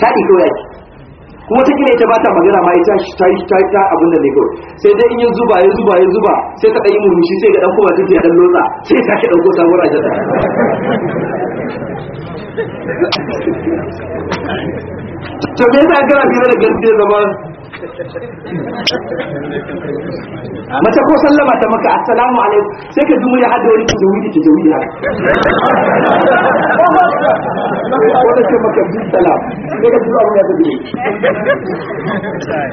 taɗi ko yaki kuma ta kira ita ba ta magana ma ita ta yi ta ta abin da ne kawai sai dai in ya zuba ya zuba ya zuba sai ta ɗanyi murmushi sai ga ɗan kuma ta ya ɗan lotsa sai ta ke ɗauko sabuwar ta to me yasa gara fiye da gaske zama mace ko sallama ta maka assalamu alaikum sai ka ji ya hada wani ki jawidi ki jawidi haka ko da ce maka bi salam sai ka ji abu ya tabi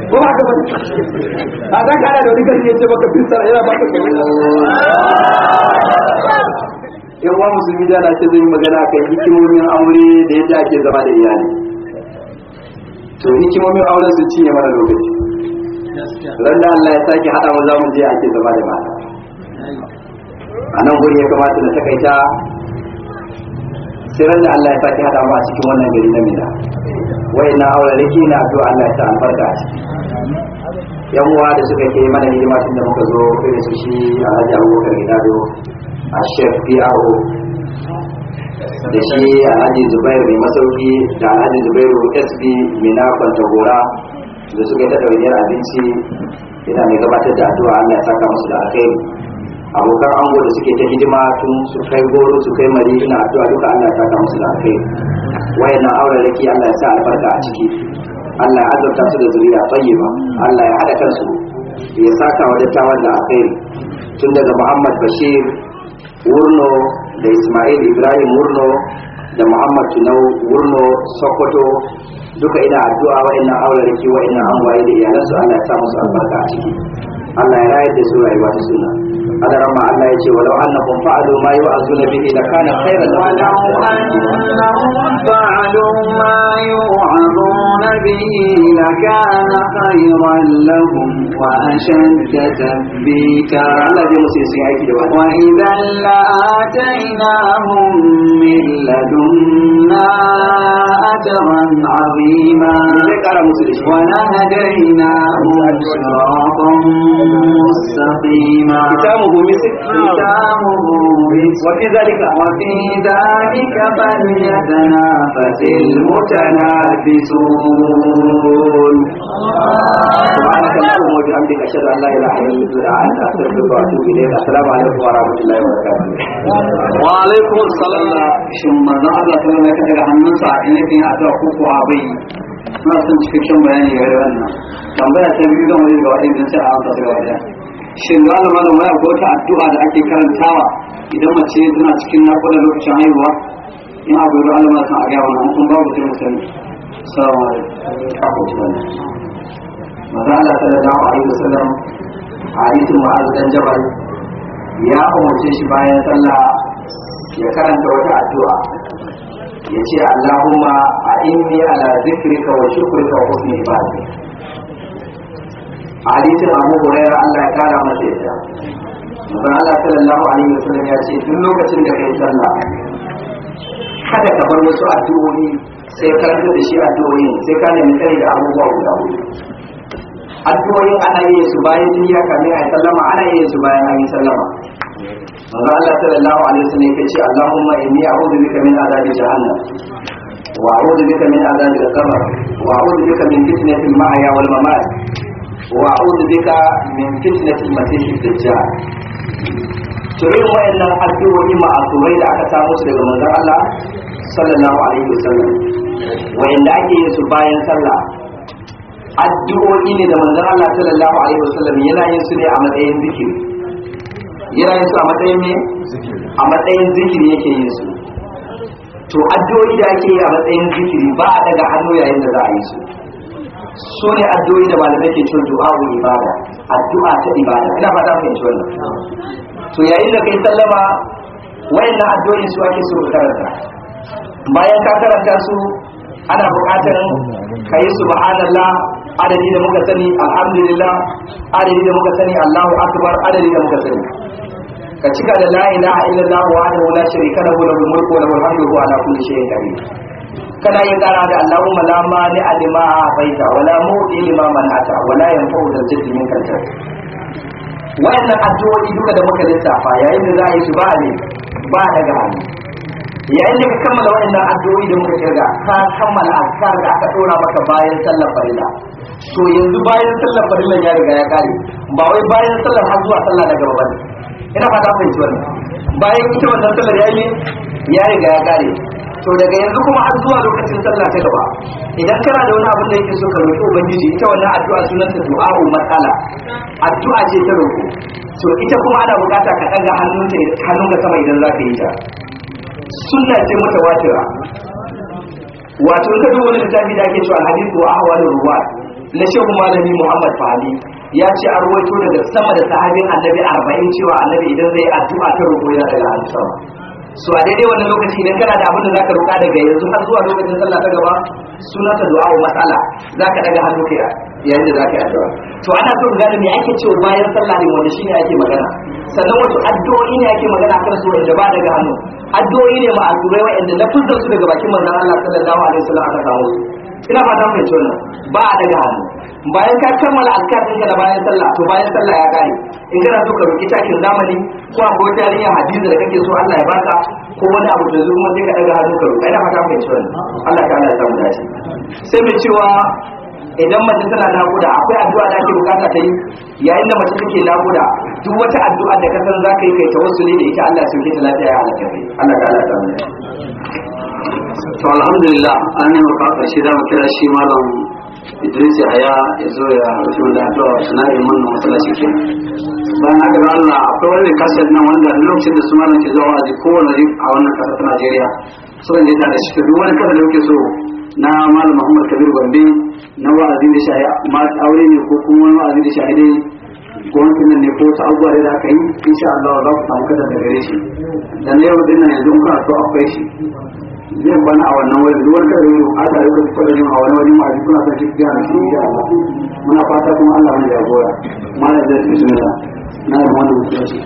ko haka ba a za ka hada da wani kan ya ce maka bi salam yana baka kai yan wa musulmi da na ce zai magana kan hikimomin aure da yadda ake zama da iyali to hikimomin auren su cinye mana lokaci ran da Allah ya sake haɗa mu za mu je ake zama da mata a nan guri ya kamata na takaita sai ran da Allah ya sake haɗa mu a cikin wannan gari na mina wai na aure rake na addu'a Allah ya sa albarka a ciki yan uwa da suka ke mana hidima tun da muka zo irin su shi Alhaji Abubakar Gidado a Sheikh PRO da shi alhaji zubairu mai masauki da alhaji zubairu sb mai na kwanta gora da suka yi ta ɗauniyar abinci yana mai gabatar da addu'a allah ya saka musu da akai abokan ango da suke ta hidima tun su kai goro su kai mari ina addu'a duka allah ya saka musu da akai na auren raki allah ya sa albarka a ciki allah ya azurta su da zuriya tayyiba allah ya haɗa kansu ya saka wa dattawan da akai tun daga muhammad bashir wurno da ismail ibrahim Murno da muhammad tunau Murno sokoto duka ina addu'a wa'annan aularki wa'annan angwaye da iyalansu allah ya sa musu albarka a ciki Allah ya rayar da su rayuwa ta sunna Allah rama Allah ya ce walau annahum fa'alu ma yu'azuna bihi lakana khairan lahum walau annahum fa'alu ma yu'azuna bihi lakana khairan lahum wa ashadda tathbita Allah ya musu sai aiki da wannan wa idan la'atainahum min ladunna ajran 'azima sai kara musu da shi wa lahdayna صراطا مستقيما ختامه مسك ختامه مسك وفي ذلك وفي ذلك فليتنافس المتنافسون سبحانك اللهم وبحمدك اشهد ان لا اله الا انت استغفرك واتوب اليك السلام عليكم ورحمه الله وبركاته وعليكم السلام shin manzo Allah sun ne ka daga hannunsa in yake addu'a ko ko na son cikakken bayani ga yau wannan tambaya ta biyu zan wani gaba ɗaya sai a amsa da gaba ɗaya shin malam malam waya ko ta addu'a da ake karantawa idan mace tana cikin naƙuda lokacin haihuwa in abu da alama sun a gaya wannan kun babu sai mu sani salamu alaikum maza Allah sallallahu alaihi wasallam a da hadisin ma'az dan jabal ya umarce shi bayan sallah ya karanta wata addu'a ya ce allahumma a inni ala zikrika wa shukrika wa husni ibadati a hadisin abu hurairah Allah ya kara masa yadda manzon Allah sallallahu alaihi wasallam ya ce duk lokacin da kai sallah kada ka bar wasu addu'o'i sai ka rika da shi addu'o'i sai ka nemi kai da abubuwa guda hudu addu'o'in ana yin su bayan kamin kamar yi sallama ana yin su bayan an yi sallama manzo Allah sallallahu alaihi wasallam yake ce Allahumma inni a'udhu bika min azabi jahannam wa a'udhu bika min azabi al-qabr wa a'udhu bika min fitnati al-mahya wal mamat wa a'udhu bika min fitnati al-masih ad-dajjal to irin wayannan addu'o'i ma'asumai da aka samu su daga manzon Allah sallallahu alaihi wasallam wayanda ake yin su bayan sallah addu'o'i ne da manzon Allah sallallahu alaihi wasallam yana yin su ne a matsayin zikiri yana yin su a matsayin ne a matsayin zikiri yake yin su to addu'o'i da ake yi a matsayin zikiri ba a daga hannu yayin da za a yi su so ne addu'o'i da malamai ke cewa ko ibada addu'a ta ibada ina fata yi wannan to yayin da kai sallama wayannan addu'o'i su ake so karanta bayan ka karanta su ana buƙatar ka yi subhanallah adadi da muka sani alhamdulillah adadi da muka sani allahu akbar adadi da muka sani ka cika da layi na la ilaha illallah wahdahu la sharika lahu lahul mulku wa lahul hamdu wa ala kulli shay'in qadir kana yin kara da Allahumma la mani alima baita wa la mu'ti lima manata wa la yanfa'u dhal jaddi minkal jadd wa'annan addu'o'i duka da muka lissafa yayin da za a yi su ba ne ba daga hannu yayin da ka kammala wa'annan addu'o'i da muka kirga ka kammala azkar da aka dora maka bayan sallar farilla to yanzu bayan sallar farilla ya riga ya kare ba wai bayan sallar har zuwa sallah daga gaba bane ina fata mai ciwon bayan ita wannan sallar yayi ya riga ya kare to daga yanzu kuma har zuwa lokacin sallah ta gaba idan kana da wani abin da yake so ka roƙi ubangiji ita wannan addu'a sunanta du'a'u matsala addu'a ce ta roƙo to ita kuma ana bukata ka ɗaga hannun hannunka sama idan za ka yi ta sunna ce wajira wato in ka duba wani littafi da ake cewa hadithu wa ahwalu ruwa na shehu malami muhammad fali ya ce an ruwaito daga sama da sahabin annabi arba'in cewa annabi idan zai addu'a ta roƙo yana daga hannun sama su a daidai wannan lokaci idan kana da abin da zaka roƙa daga yanzu har zuwa lokacin sallah ta gaba suna ta du'a wa matsala zaka daga hannu kai yayin da zaka yi addu'a to ana so in gane me ake cewa bayan sallah ne wanda shine ake magana sannan wasu addu'o'i ne ake magana kan su wanda ba daga hannu addu'o'i ne ma'azurai wa'anda lafuzan su daga bakin manzon Allah sallallahu alaihi wasallam aka samu ina fata mun ce wannan ba daga hannu bayan ka kammala azkar ka da bayan sallah to bayan sallah ya kare in kana so ka roki takin zamani ko akwai wata yarinya hadisi da kake so Allah ya baka ko wani abu da zuwa sai ka daga hannu ka roka ina fata mai ciwon Allah ta'ala ya samu dace sai mai cewa idan mace tana nakuda akwai addu'a da ake bukata ta yi yayin da mace take nakuda duk wata addu'a da ka san za ka yi kai tawassuli da ita Allah ya sauke ta lafiya ya halaka kai Allah ta'ala ya samu dace to alhamdulillah an yi maka shi da mu kira shi malam idris ya haya ya zo ya rufe da addu'a suna yin wannan matsalaci ke bayan haka da allah akwai wani kasar nan wanda lokacin da su malam ke zuwa waje kowane a wannan kasar ta najeriya suka je tare shi duk wani kasar da kuke so na malam muhammad kabir gombe na wa'azi da shahi ma aure ne ko kuma wani wa'azi da shahi dai gwamnatin nan ne ko ta abubuwa da aka yi insha allah za ku samu kasar da gare shi da na yau dinnan yanzu kuna so akwai shi zai Bani a wannan wani duwar da rayu a da yau kuka da a wani wajen ma'aji kuna san shi da shi da muna fata kuma Allah mai jagora malam da bismillah na da wannan mutunci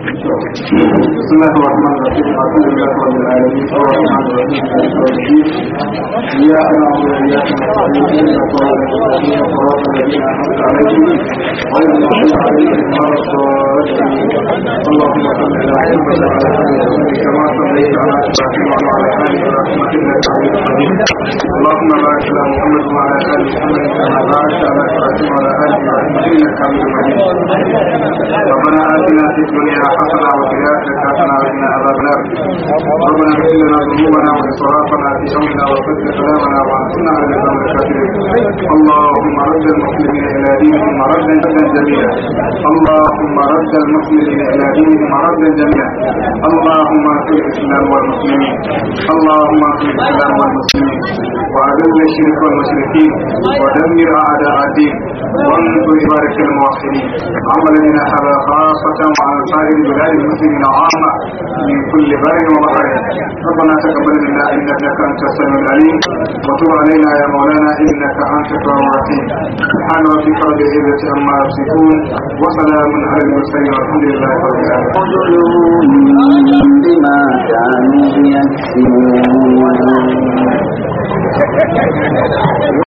بسم الله الرحمن الرحيم الحمد لله رب العالمين الرحمن الرحيم اياك نعبد واياك نستعين اهدنا الصراط المستقيم صراط الذين انعمت عليهم غير المغضوب عليهم ولا الضالين اللهم صل على محمد وعلى ال محمد كما صليت على ابراهيم وعلى ال ابراهيم انك حميد مجيد اللهم بارك على محمد وعلى ال محمد كما باركت على ابراهيم وعلى ال ابراهيم انك حميد مجيد ربنا اتنا في الدنيا رحمتنا وجعلنا زكاتنا وإنا عذاب ربنا اغفر لنا ذنوبنا وإسرافنا في أمرنا وصدق كلامنا وأنصرنا على الإسلام الكافرين اللهم رد المسلمين إلى دينهم ردا جميلا اللهم رد المسلمين إلى دينهم ردا جميلا اللهم انصر الإسلام والمسلمين اللهم انصر الإسلام والمسلمين وأذل الشرك والمشركين ودمر أعداء الدين وانصر عبادك الموحدين عملنا هذا خاصة وعلى سائر البلاد المسلمين عامة من كل بلد وبحر ربنا تقبل منا إنك أنت السميع العليم وتب علينا يا مولانا إنك أنت التواب الرحيم سبحان ربك رب العزة عما يصفون وسلام على المرسلين والحمد لله رب العالمين بما كانوا يكسبون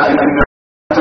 மரம்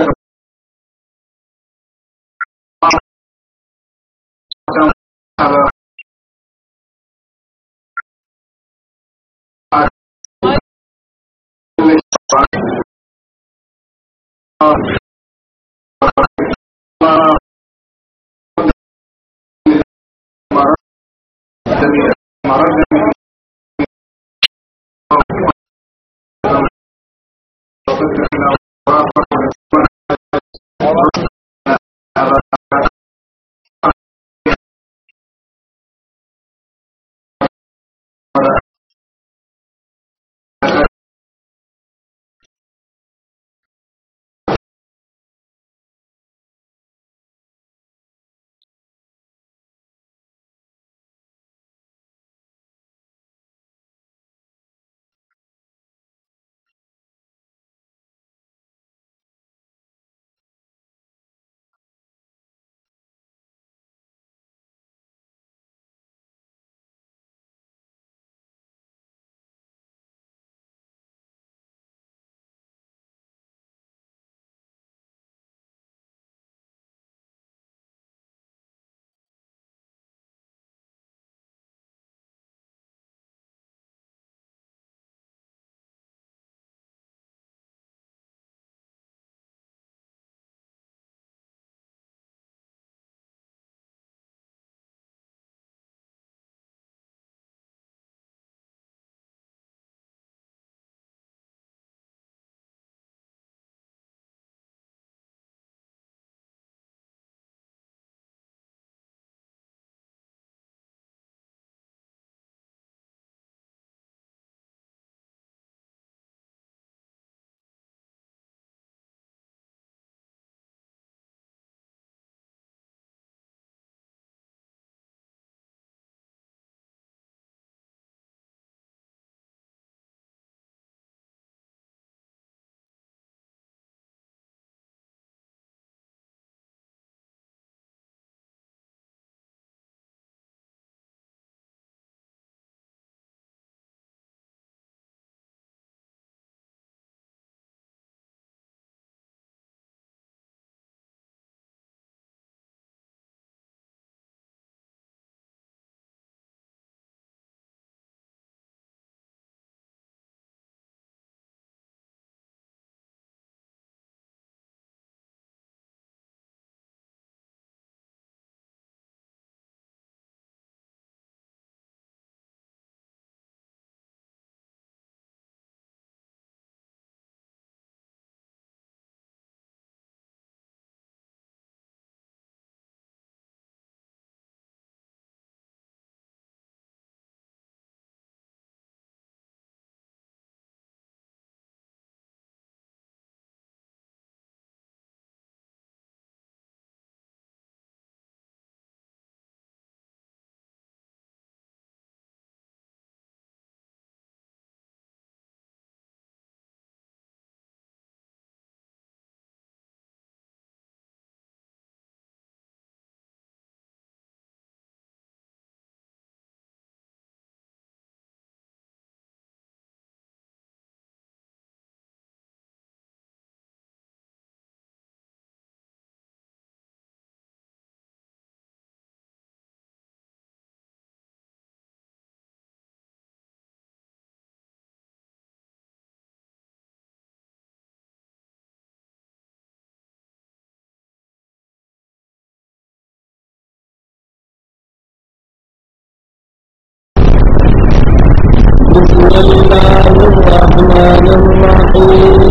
الله الرحمن الرحيم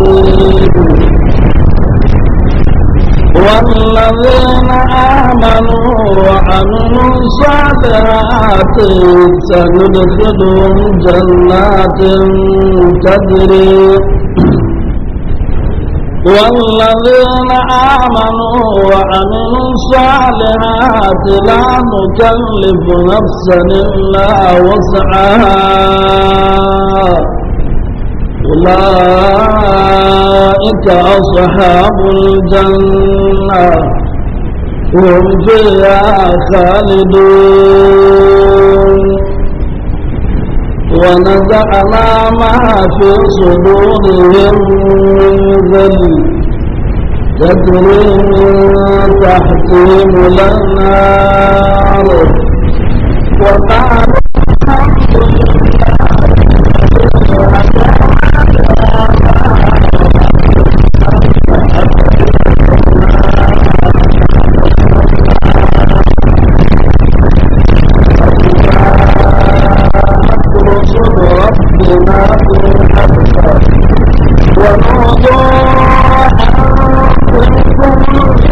والذين آمنوا وعملوا الصالحات سندخلهم جنات تجري والذين آمنوا وعملوا الصالحات لا نكلف نفسا إلا وسعها أولئك أصحاب الجنة هم فيها خالدون ونزعنا ما في صدورهم من ذل تجري من تحتهم الأنهار وقالوا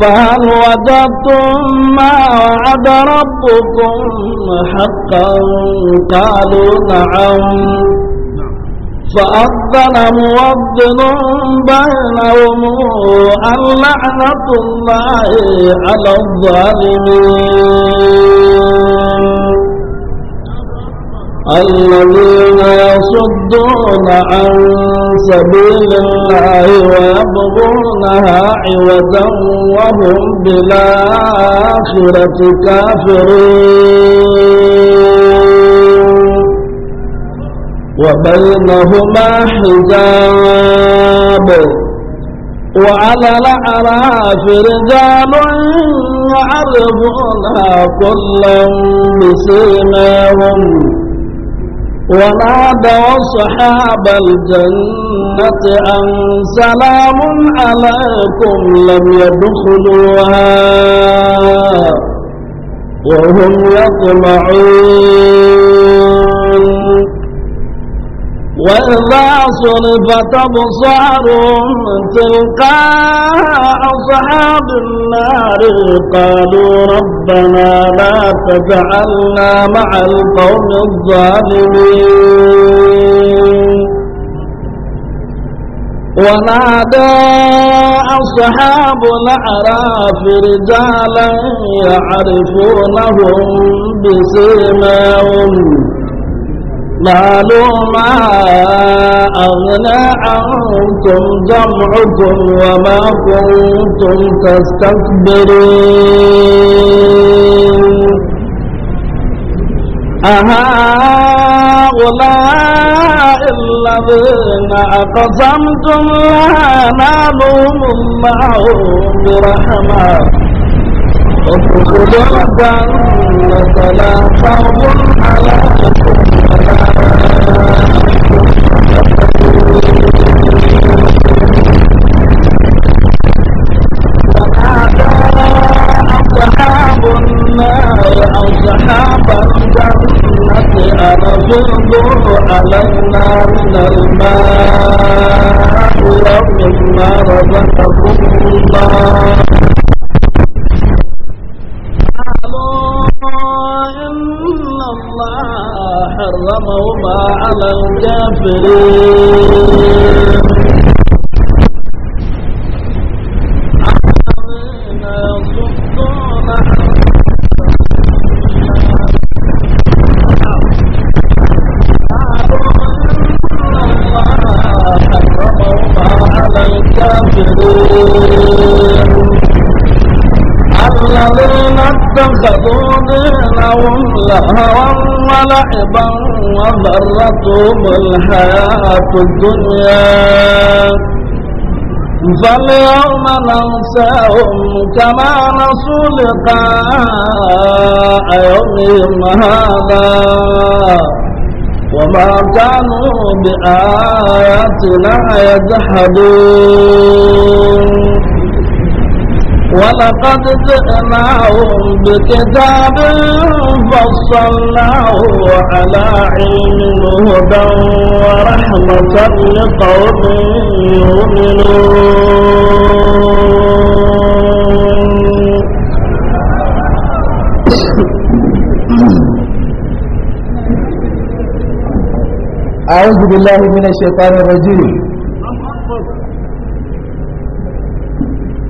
فهل وجدتم ما وعد ربكم حقا قالوا نعم فأذن موضن بينهم أن لعنة الله على الظالمين الذين يصدون عن سبيل الله ويبغونها عوجا وهم بالآخرة كافرون وبينهما حجاب وعلى الأعراف رجال يعرفون كلا بسيماهم ونادى أصحاب الجنة أن سلام عليكم لم يدخلوها وهم يطمعون وإذا صرفت أبصارهم تلقاء أصحاب النار قالوا ربنا لا تجعلنا مع القوم الظالمين ونادى أصحاب الأعراف رجالا يعرفونهم بسيماهم قالوا ما أغنى عنكم جمعكم وما كنتم تستكبرون أهؤلاء الذين أقسمتم لا نالهم الله برحمة ادخلوا الجنة لا خوف عليكم انظر ألنا من الماء ومما رزقكم الله إن الله حرمهما على الكافرين تغرقهم الحياة الدنيا فاليوم ننساهم كما نسوا لقاء يومهم هذا وما كانوا بآياتنا يجحدون ولقد جئناهم بكتاب فصلناه على علم هدى ورحمة لقوم يؤمنون أعوذ بالله من الشيطان الرجيم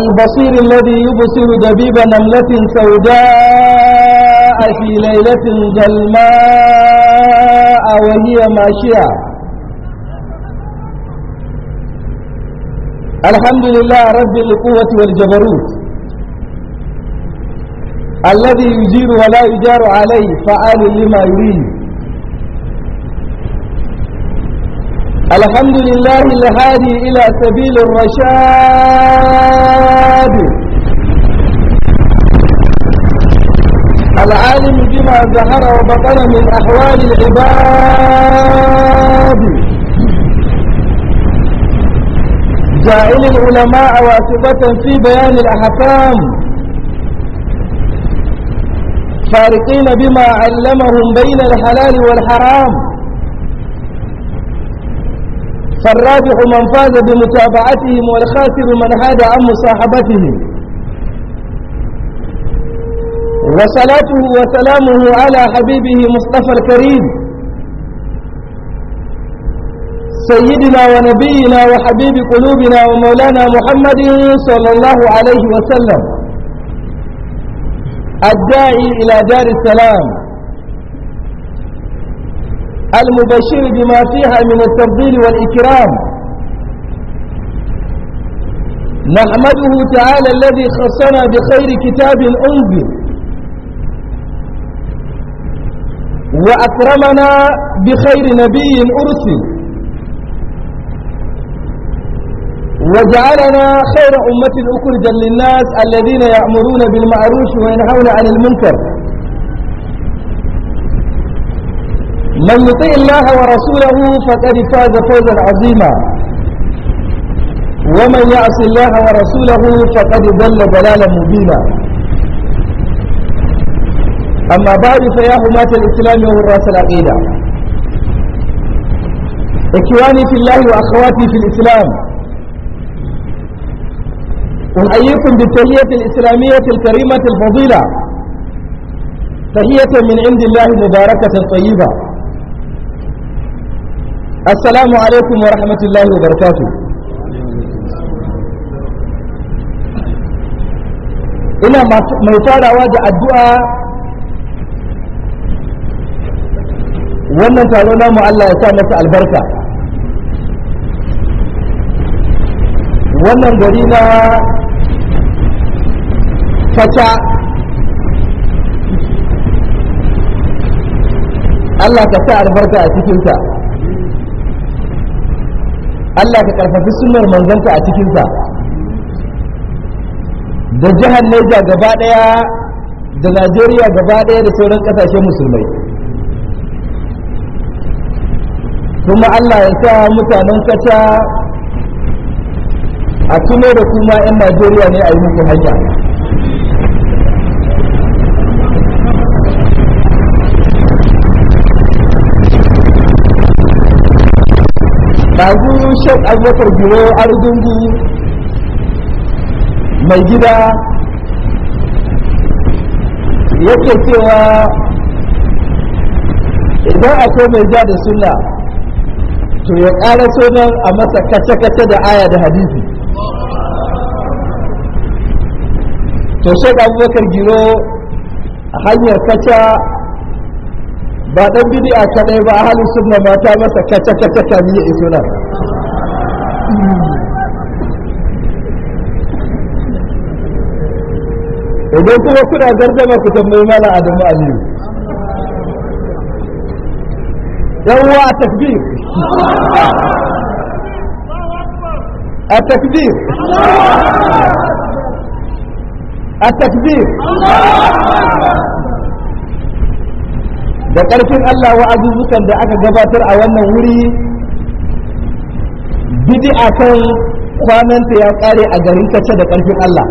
البصير الذي يبصر دبيب نملة سوداء في ليلة ظلماء وهي ماشية الحمد لله رب القوة والجبروت الذي يجير ولا يجار عليه فعال لما يريد الحمد لله الهادي إلى سبيل الرشاد العالم بما ظهر وبطن من أحوال العباد جاعل العلماء واسطة في بيان الأحكام فارقين بما علمهم بين الحلال والحرام فالرابح من فاز بمتابعتهم والخاسر من حاد عن مصاحبتهم وصلاته وسلامه على حبيبه مصطفى الكريم سيدنا ونبينا وحبيب قلوبنا ومولانا محمد صلى الله عليه وسلم الداعي إلى دار السلام المبشر بما فيها من التفضيل والإكرام نحمده تعالى الذي خصنا بخير كتاب أنزل وأكرمنا بخير نبي أرسل وجعلنا خير أمة أخرجا للناس الذين يأمرون بالمعروف وينهون عن المنكر من يطيع الله ورسوله فقد فاز فوزا عظيما ومن يعص الله ورسوله فقد ضل ضلالا مبينا أما بعد فيا حماة الإسلام وراس العقيدة إخواني في الله وأخواتي في الإسلام أحييكم بالتحية الإسلامية الكريمة الفضيلة تحية من عند الله مباركة طيبة asalamu alaikum wa rahmatullahi wa barakatu ina mai farawa da addu'a wannan taro namu Allah ya sa masa albarka wannan gari na fata Allah ka sa albarka a cikinta Allah ka karfafi sunnar manzanta a cikinsa da jihar Niger gaba ɗaya da Najeriya gaba ɗaya da sauran ƙasashen musulmai kuma Allah ya sa mutanen kaca a tuno da kuma 'yan Najeriya ne a yi muku hanya ɗazu shek abubakar biro argungu mai gida yake cewa idan akwai mai ja da suna to ya ƙara sunan a masa kace-kace da aya da hadisi to shek abubakar giro a hanyar kaca ba dan bid'a kadai ba ahlus sunna ma ta masa kaca kaca ta ya iso nan idan kuma kuna gardama ku tambayi mala adamu aliyu uwa a takbir a takbir a takbir da ƙarfin Allah wa'azuzzukan da aka gabatar a wannan wuri a kan kwananta ya ƙare a garin kace da ƙarfin Allah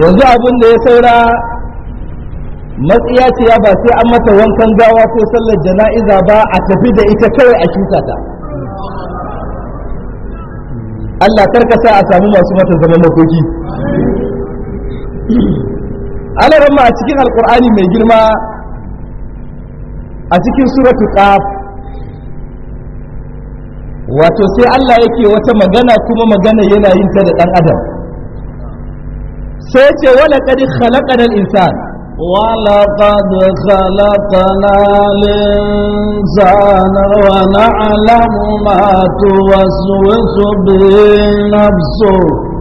yanzu abin da ya saura matsiya ce ba sai an mata wankan gawa ko sallar jana'iza ba a tafi da ita kawai a shuka ta Allah karkasa a samu masu mata zaman makoki alarama a cikin alkur'ani mai girma a cikin suratu qaf wato sai Allah yake wata magana kuma magana yana yin ta da dan adam sai ce wala qad khalaqana al-insan wala qad khalaqana al-insana wa na'lamu ma tuwaswisu bi nafsihi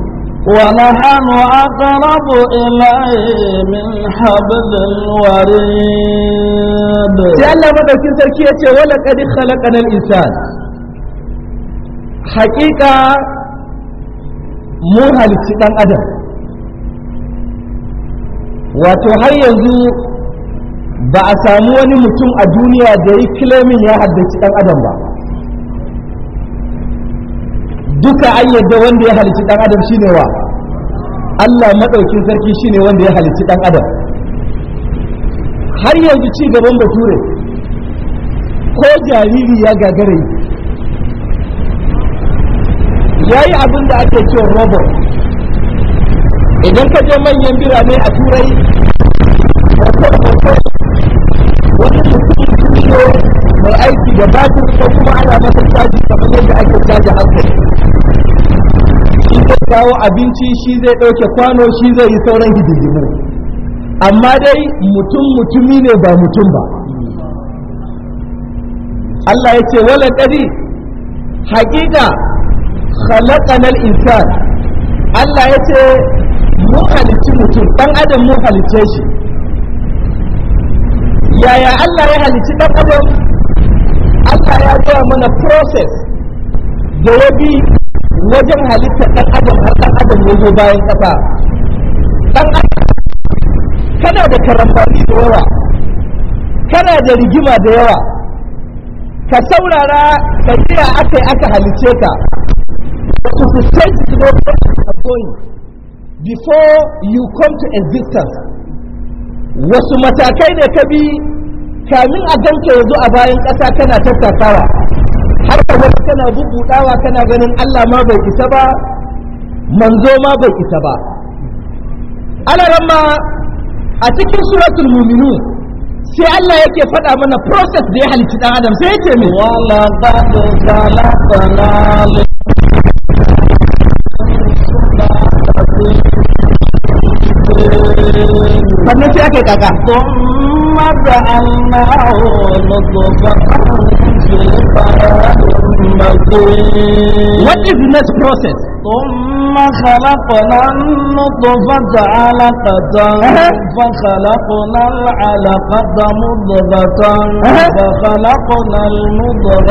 ونحن أقرب إليه من حبل الوريد جعل مدى كنتر كيتي ولقد خلقنا الإنسان حقيقة mu halicci ɗan adam wato har yanzu ba a samu wani mutum a duniya da ya kilamin ya haddaci ɗan adam ba duka an yadda wanda ya halici dan adam shine wa Allah madaukin sarki shine wanda ya halici dan adam har yanzu ci gaban bature ko jariri ya gagare ya yi abin da ake cewa robot idan ka je manyan birane a turai wani mutum mai aiki da batin ko kuma ana masa caji kamar yadda ake caji hankali zai kawo abinci shi zai ɗauke kwano shi zai yi sauran hidindimu amma dai mutum mutumi ne ba mutum ba Allah ya ce wala ƙari haƙiƙa khalaqanal insan Allah ya ce mu halicci mutum ɗan adam mu halicce shi yaya Allah ya halicci ɗan adam Allah ya gaya mana process da ya bi wajen halittar ɗan adam har ɗan adam ya zo bayan ƙasa ɗan adam kana da karambari da yawa kana da rigima da yawa ka saurara ka tsira aka yi aka halice ka to sustain to the what of the going before you come to existence wasu matakai ne ka bi kamin a ganka ya zo a bayan ƙasa kana tattakawa har ka wani kana bubuɗawa kana ganin Allah ma bai isa ba manzo ma bai isa ba ramma. a cikin suratul muminu sai Allah yake faɗa mana process da ya halitta ɗan adam sai yake mai wala sala sala sannan sai aka kaka ثم جعلناه نطفة What is the next process? ثم خلقنا النطفة علقة فخلقنا العلقة مضغة فخلقنا المضغة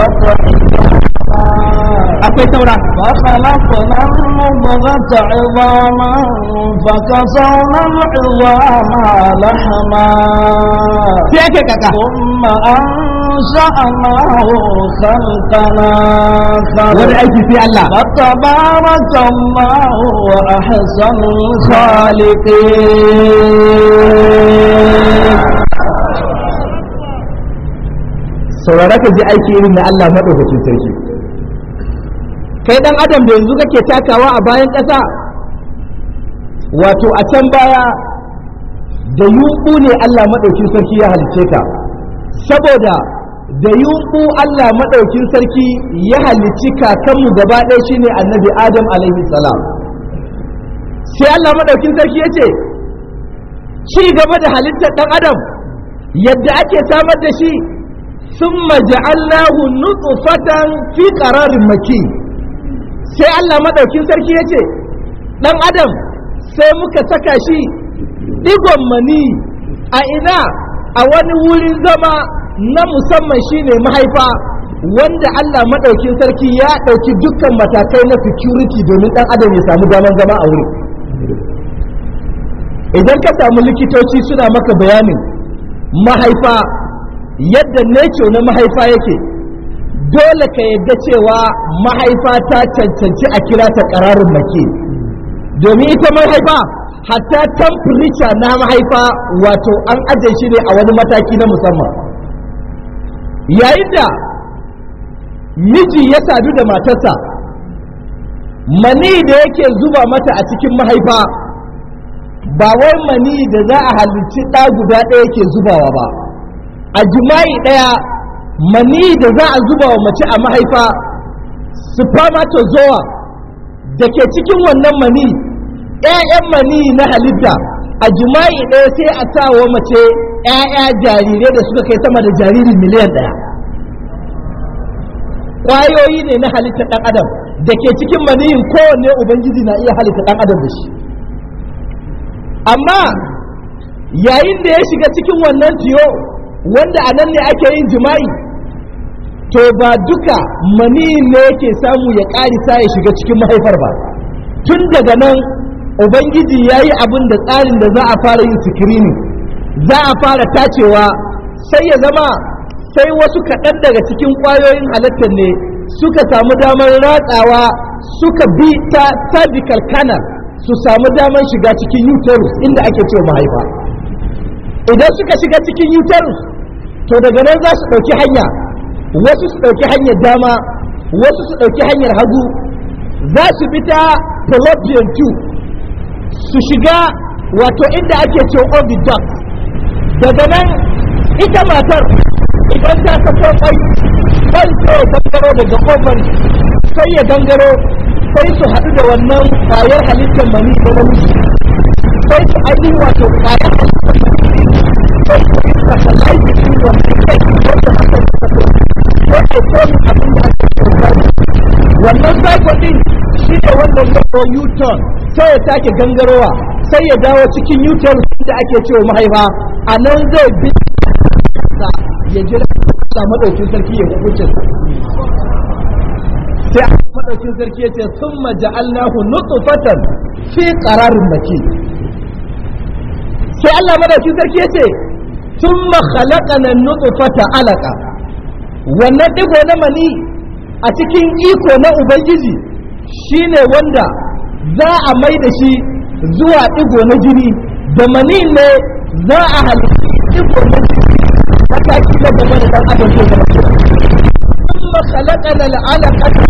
akwai saura فخلقنا المضغة عظاما فكسونا العظام لحما ثم أن أنشأ معه خلقنا خلقا فتبارك الله وأحسن الخالقين saurara ka ji aiki irin na Allah maɗaukacin sarki kai ɗan adam da yanzu kake takawa a bayan ƙasa wato a can baya da yunɓu ne Allah maɗaukin sarki ya halice ka saboda da yunfu Allah maɗaukin sarki ya halicci kakanmu gaba ɗaya ne annabi Adam alaihi salam sai Allah maɗaukin sarki ya ce ci gaba da halittar ɗan Adam yadda ake samar da shi sun nutsu nutsufatan fi ƙararin maki sai Allah maɗaukin sarki ya ce ɗan Adam sai muka saka shi digon mani a ina a wani wurin zama na musamman shine mahaifa wanda Allah maɗaukin sarki ya ɗauki dukkan matakai na security domin ɗan adam ya samu damar zama a wuri idan ka samu likitoci suna maka bayanin mahaifa yadda nature na mahaifa yake dole ka yadda cewa mahaifa ta cancanci a kira ta ƙararin make domin ita mahaifa hatta temperature na mahaifa wato an ajiye shi ne a wani mataki na musamman yayin da miji ya sadu da matarsa mani da yake zuba mata a cikin mahaifa ba wai mani da za a halicci ɗa guda ɗaya yake zubawa ba a jima'i ɗaya mani da za a zuba wa mace a mahaifa spermatozoa da ke cikin wannan mani 'ya'yan mani na halitta a jima'i ɗaya sai a sa mace 'ya'ya jarirai da suka kai sama da jariri miliyan ɗaya ƙwayoyi ne na halittar ɗan adam da ke cikin maniyin kowanne ubangiji na iya halitta ɗan adam da shi amma yayin da ya shiga cikin wannan tiyo wanda a nan ne ake yin jima'i to ba duka maniyin ne yake samu ya ƙarisa ya shiga cikin mahaifar ba tun daga nan ubangiji ya yi abin da tsarin da za a fara yin sikirini za a fara tacewa sai ya zama sai wasu kaɗan daga cikin ƙwayoyin halittar ne suka samu damar ratsawa suka bi ta cervical canal su samu damar shiga cikin uterus inda ake cewa mahaifa idan suka shiga cikin uterus to daga nan za su ɗauki hanya wasu su ɗauki hanyar dama wasu su ɗauki hanyar hagu za su bi ta fallopian su shiga wato inda ake ce oviduct daga nan ita matar idan ta kaso kwai ban so gangaro daga kofar sai ya gangaro sai su haɗu da wannan kwayar halittar mani da namiji sai su ainihin wato kwayar halittar sai su yi satellite su wanda kai wanda matar ta Sai su komi abin da ake ce wannan cycle din shi ne wanda zai u-turn sai ya take gangarowa sai ya dawo cikin u-turn da ake cewa mahaifa a nan zai bi ya jira sa madaukin sarki ya hukunce sai a madaukin sarki ya ce sun maja'allahu nutfatan fi qararin makin sai Allah madaukin sarki ya ce sun makhalaqana nutfata alaqa wannan digo na mani a cikin iko na ubangiji shine wanda za a mai da shi zuwa digo na jini da mani ne za a halittu ɗigo na jini mataki na gaba da ɗan adam zai zama kuma khalaqana al'alaqata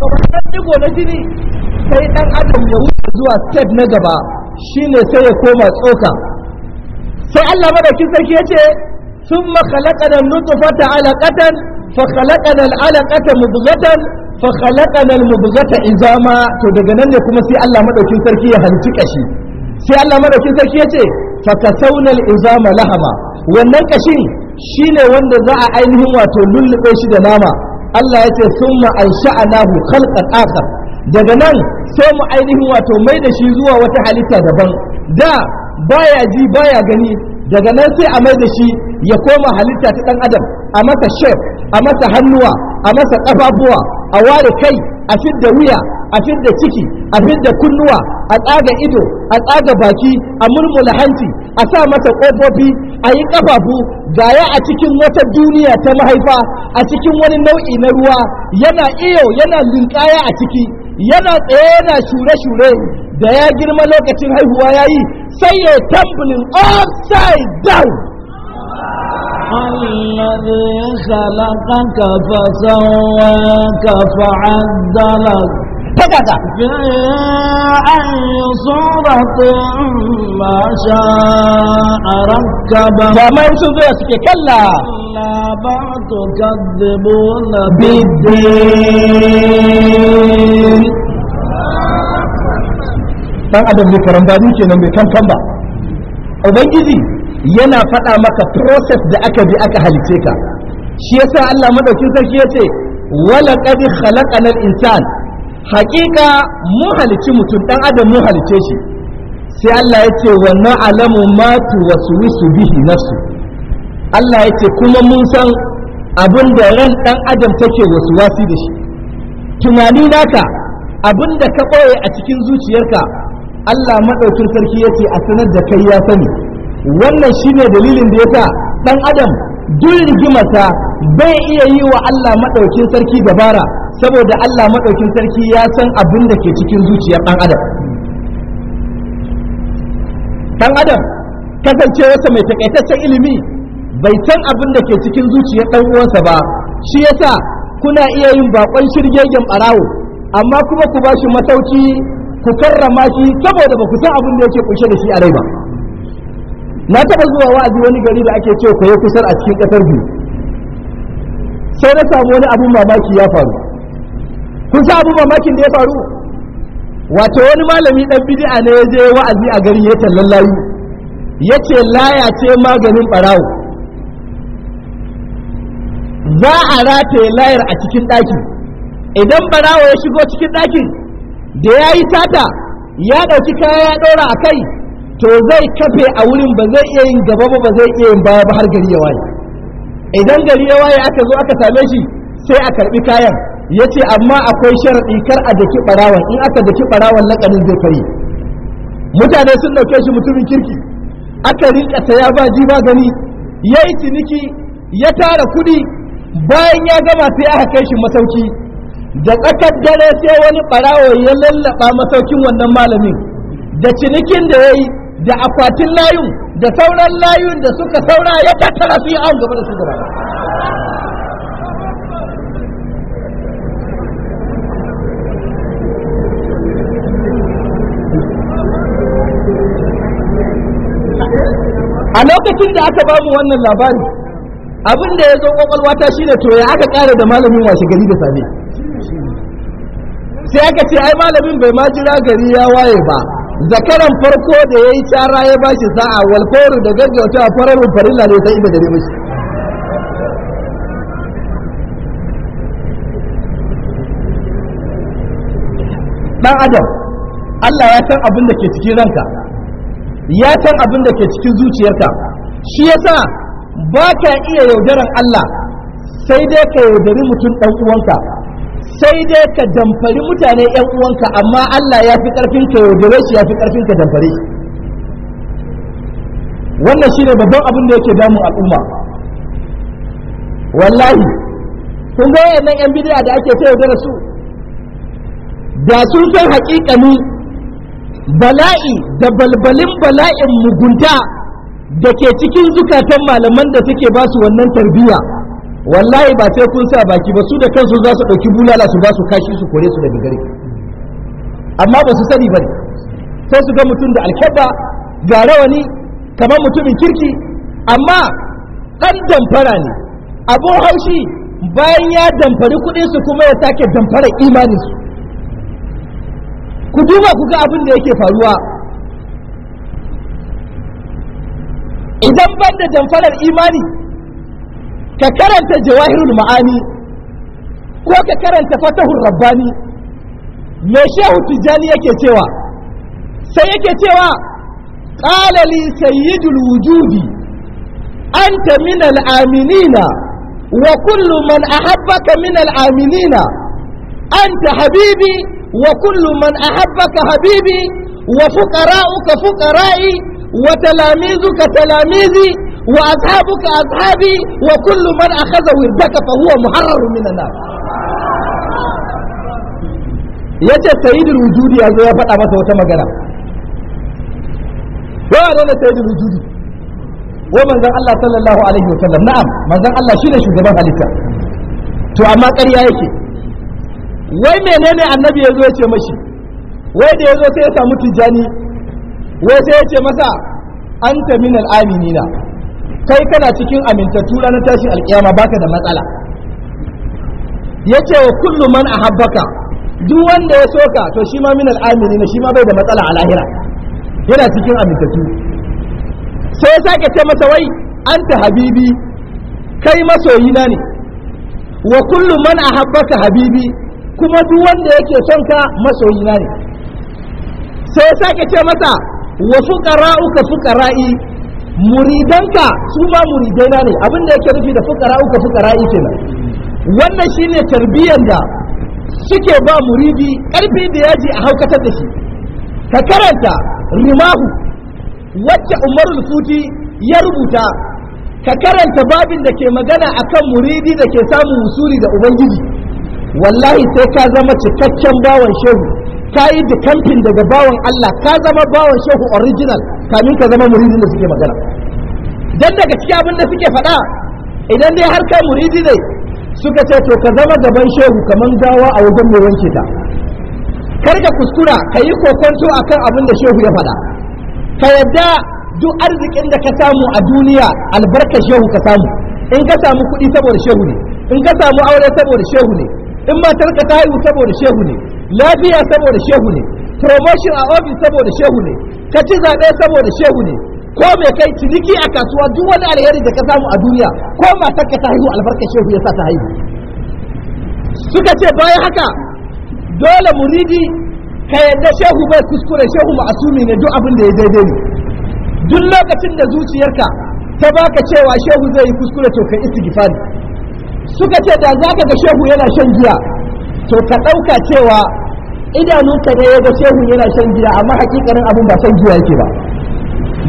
to wannan digo na jini sai ɗan adam ya wuce zuwa step na gaba shine sai ya koma tsoka sai Allah madaukin sarki ya ce sun makalakanan nutufata alaƙatan فخلقنا العلقة مبغة فخلقنا المبغة عظاما to daga nan ne kuma sai Allah madaukin sarki ya halici kashi sai Allah madaukin sarki ya ce fakasawna izama lahama wannan kashin shine wanda za a ainihin wato lullube shi da nama Allah ya ce summa ansha'nahu khalqan akhar daga nan sai mu ainihin wato mai da shi zuwa wata halitta daban da baya ji baya gani daga nan sai a mai da shi ya koma halitta ta dan adam a masa shef a masa hannuwa a masa ƙafafuwa a ware kai a da wuya a da ciki a da kunnuwa a tsaga ido a tsaga baki a murmula hanci a sa masa ƙofofi a yi ƙafafu gaya a cikin wata duniya ta mahaifa a cikin wani nau'i na ruwa yana iyo yana linkaya a ciki yana tsaye yana shure-shure da ya girma lokacin haihuwa ya yi sai ya tumbling upside down الذي خلقك فسواك فعدلك في أي صورة ما شاء ركبك فما يسوسك كلا بل تكذبون بالدين dan adam ne karambani kenan mai kankan ba ubangiji yana faɗa maka process da aka bi aka halice ka shi yasa Allah madaukin sarki yace wala qad khalaqana al-insan haƙiƙa mu halici mutum dan adam mu halice shi sai Allah yace wa na'lamu ma tuwaswisu bihi nafsu Allah yace kuma mun san abin da ran dan adam take wasu wasi da shi tunani naka abin da ka ɓoye a cikin zuciyarka Allah maɗaukin sarki ya a sanar da kai ya sani wannan shine dalilin da yasa ɗan adam duk rigimarsa bai iya yi wa Allah maɗaukin sarki dabara saboda Allah maɗaukin sarki ya san abin da ke cikin zuciyar ɗan adam ɗan adam wasa mai takaitaccen ilimi bai san abin da ke cikin zuciyar ɗan uwansa ba shi yasa kuna iya yin bakon shirgegen ɓarawo amma kuma ku ba shi matauki ku karrama shi saboda ba ku san abin da yake kunshe da shi a rai ba na taɓa zuwa wa'azi wani gari da ake ce yi kusar a cikin ƙasar biyu sai na samu wani abin mamaki ya faru kun san abin mamakin da ya faru wato wani malami ɗan bidi'a ne ya je wa'azi a gari ya tallan layi yace laya ce maganin barawo za a rataye layar a cikin ɗaki idan barawo ya shigo cikin ɗakin da ya yi sata ya ɗauki kaya ya ɗora a kai to zai kafe a wurin ba zai iya yin gaba ba ba zai iya yin baya ba har gari ya waye idan gari ya waye aka zo aka same shi sai a karɓi kayan ya ce amma akwai sharaɗi kar a daki ɓarawan in aka daki ɓarawan lakanin zai fari mutane sun ɗauke shi mutumin kirki aka rinka saya ba ji ba gani ya yi ciniki ya tara kuɗi bayan ya gama sai aka kai shi masauki da tsakar dare sai wani ɓarawo ya lallaba masaukin wannan malamin da cinikin da ya yi da akwatin layun da sauran layun da suka saura ya tattara su yi an gaba da su gaba a lokacin da aka bamu wannan labari abin da ya zo kwakwalwata shine to toya aka kara da malamin washe gari da sami sai aka ce ai malamin bai ma jira gari ya waye ba zakaran farko da ya yi cara ya ba shi sa'a walfauru da gaggauta a farar farilla ne sai ibada dare mashi dan adam Allah ya san abin da ke cikin ranka ya san abin da ke cikin zuciyarka shi yasa ba ka iya yaudaran Allah sai dai ka yaudari mutum ɗan uwanka sai dai ka damfari mutane yan uwanka amma Allah ya fi ƙarfin ka yaudare shi ya fi ƙarfin ka Wannan shi ne babban abin da yake damun al'umma wallahi kun ga wayannan yan bid'a da ake ta yaudara su da sun san haƙiƙani bala'i da balbalin bala'in mugunta da ke cikin zukatan malaman da suke ba su wannan tarbiyya wallahi ba sai kun sa baki ba su da kansu za su ɗauki bulala su ba su kashi su kore su daga gare amma ba su sani ba ne sai su ga mutum da alkyabba ga rawani kamar mutumin kirki amma ɗan damfara ne abu haushi bayan ya damfari su kuma ya sake damfara imaninsu ku duba ku ga abin da yake faruwa idan ban da damfarar imani ka karanta jawahirul ma'ani ko ka karanta fatahun rabbani me shehu tijani yake cewa sai yake cewa qala li sayyidul wujudi anta min al aminina wa kullu man ahabbaka min al aminina anta habibi wa kullu man ahabbaka habibi wa fuqara'uka fuqara'i wa talamizuka talamizi وأصحابك أصحابي وكل من أخذ وردك فهو محرر من النار yace sayyidul wujudi yazo ya faɗa masa wata magana wa ne sayyidul wujudi Ko manzon Allah sallallahu alaihi wa sallam? na'am manzon Allah shine shugaban halitta to amma ƙarya yake wai menene annabi yazo ya ce mashi wai da yazo sai ya samu tijani wai sai ya ce masa anta minal aminina kai kana cikin amintattu ranar tashin alkiyama baka da matsala yace wa kullu man ahabbaka duk wanda ya soka to shi ma min al'amini shi ma bai da matsala a lahira yana cikin amintattu sai ya sake ce masa wai anta habibi kai masoyina ne wa kullu man ahabbaka habibi kuma duk wanda yake son ka masoyina ne sai ya sake ce masa wa fuqara'uka fuqara'i muridanka su ma muridaina ne abinda da yake rufi da fukara uka fukara kenan wannan shine tarbiyyar da suke ba muridi karfi da yaji a haukatar da shi ka karanta rimahu wacce umaru futi ya rubuta ka karanta babin da ke magana akan muridi da ke samun wusuli da ubangiji wallahi sai ka zama cikakken bawan shehu ka yi da kamfin daga bawan Allah ka zama bawan shehu original kamin ka zama muridin da suke magana dan daga cikin abin da suke faɗa idan dai har kai muridi ne suka ce to ka zama gaban shehu kamar gawa a wajen mai wanke ta kar ka kuskura ka yi kokonto akan abin da shehu ya faɗa ka yadda duk arzikin da ka samu a duniya albarkar shehu ka samu in ka samu kuɗi saboda shehu ne in ka samu aure saboda shehu ne in matar ka ta haihu saboda shehu ne lafiya saboda shehu ne promotion a office saboda shehu ne ka ci zaɓe saboda shehu ne ko mai kai ciniki a kasuwa duk wani alheri da ka samu a duniya ko matar ka ta haihu albarkar shehu ya sa ta haihu suka ce bayan haka dole muridi ka yadda shehu bai kuskure shehu ma'asumi ne duk abin da ya daidai ne duk lokacin da zuciyarka ta baka cewa shehu zai yi kuskure to ka istighfari suka ce da zaka ga shehu yana shan giya to ka ɗauka cewa idanunka ne ga shehu yana shan giya amma hakikarin abin ba shan giya yake ba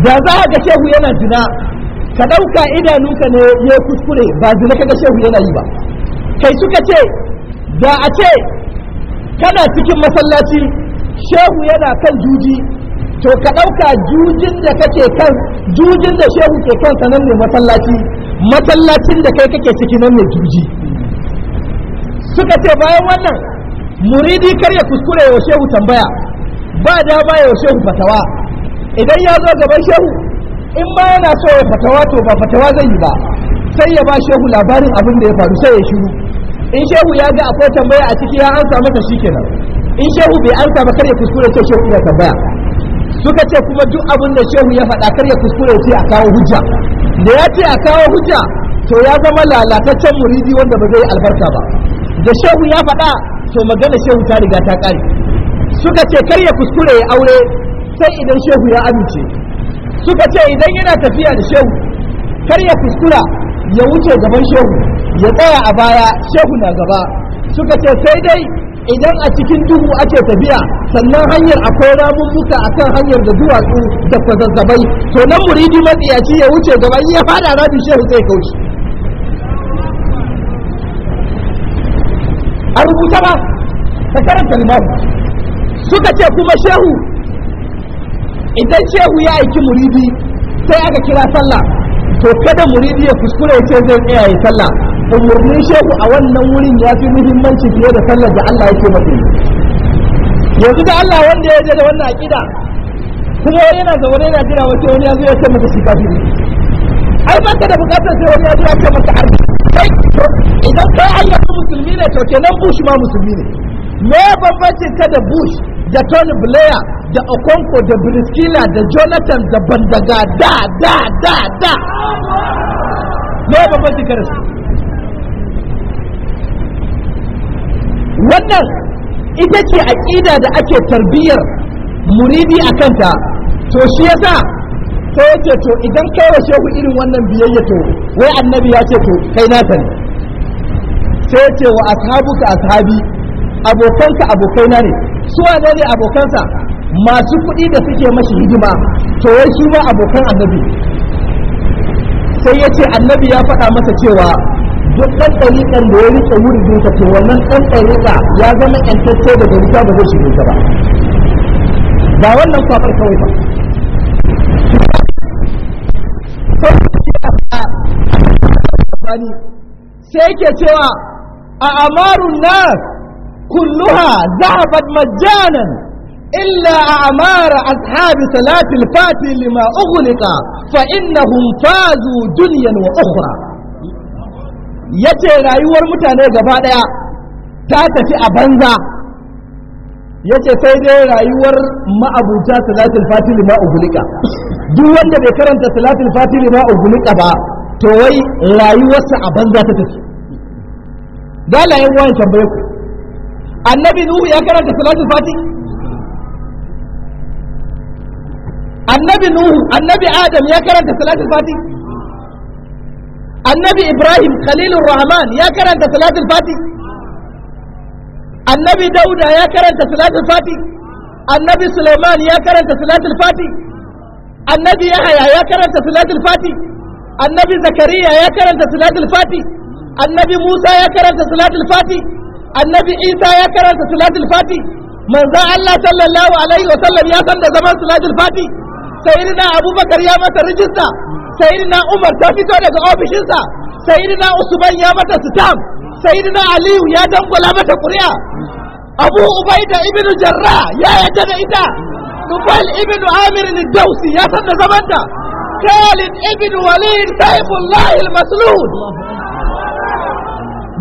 da za a ga shehu yana zina ka ɗauka idanunka ne ya kuskure ba zina ka ga shehu yana yi ba kai suka ce da a ce kana cikin masallaci shehu yana kan juji to ka ɗauka jujin da kake kan jujin da shehu ke kansa nan ne masallaci masallacin da kai kake ciki nan ne juji suka ce bayan wannan muridi kar ya kuskure ya shehu tambaya ba dama ya shehu fatawa idan ya zo gaban shehu in ma yana so ya fatawa to ba fatawa zai yi ba sai ya ba shehu labarin abin da ya faru sai ya shiru in shehu ya ga akwai tambaya a ciki ya ansa masa shikenan in shehu bai ansa ba kar ya kuskure ce shehu ya tambaya suka ce kuma duk abin da shehu ya faɗa kar ya kuskure ce a kawo hujja da ya ce a kawo hujja to ya zama lalataccen muridi wanda ba zai albarka ba da shehu ya faɗa to magana shehu ta riga ta ƙare suka ce kar ya kuskure ya aure sai idan shehu ya amince suka ce idan yana tafiya da shehu kar ya kuskura ya wuce gaban shehu ya tsaya a baya shehu na gaba suka ce sai dai idan a cikin duhu ake tafiya sannan hanyar akwai ramummuka a kan hanyar da duwatsu da kwazazzabai to nan muridi matsiyaci ya wuce gaba ya fada rabin shehu zai kauce a rubuta ba ta karanta limamu suka ce kuma shehu idan shehu ya aiki muridi sai aka kira sallah to kada muridi ya kuskure ya ce zai tsaya ya sallah umurnin shehu a wannan wurin ya fi muhimmanci fiye da sallar da Allah yake mafi yanzu da Allah wanda ya je da wannan akida kuma wani yana zaune yana jira wace wani ya zo ya ce maka shi kafiri ai ba ka da bukatar sai wani ya zo ya ce maka arziki kai idan kai Allah su musulmi ne to kenan Bush ma musulmi ne me bambancin ka da Bush da Tony Blair da Okonko da Briskila da Jonathan da Bandaga da da da da me bambancin ka da su wannan ita ce aƙida da ake tarbiyyar muridi a kanta to shi yasa sai yace to idan kai wa shehu irin wannan biyayya to wai annabi ya ce to kai na ne sai ce wa ashabuka ashabi abokanka abokaina ne su wane ne abokansa masu kuɗi da suke mashi hidima to wai shi ma abokan annabi sai yace annabi ya faɗa masa cewa duk ɗan ɗariƙan da ya riƙe wurin dinka to wannan ɗan ɗariƙa ya zama ƴantacce da wuta ba zai shiga ba ba wannan kwafar kawai ba sai yake cewa a amarun nas kulluha zahabat majanan illa a amara ashabi salatil fati lima ughliqa fa innahum fazu dunyan wa ukhra yace rayuwar mutane gaba daya ta tafi a banza yace sai dai rayuwar ma'abuta salatul fatili ma ugulika duk wanda bai karanta salatul fatili ma ugulika ba to wai rayuwarsa a banza ta tafi dala yan wayan tambaye ku annabi nuhu ya karanta salatul fatili annabi nuhu annabi adam ya karanta salatul fatili annabi ibrahim khalilur rahman ya karanta salatul fatili annabi dauda ya karanta salatul fati annabi suleiman ya karanta salatul fati annabi yahaya ya karanta salatul fati annabi zakariya ya karanta salatul fati annabi musa ya karanta salatul fati annabi isa ya karanta salatul fati manzon allah sallallahu alaihi wa Sallam ya san da zaman salatul fati sayyidina abubakar ya mata rijista sayyidina umar ta fito daga ofishinsa sayyidina usman ya mata sitam sayyidina aliyu ya dangwala mata ƙuri'a abu ubaida ibnu jarra ya yadda da ita nufail ibnu amir al-dawsi ya san da zamanta khalid ibnu walid saifullah al-maslud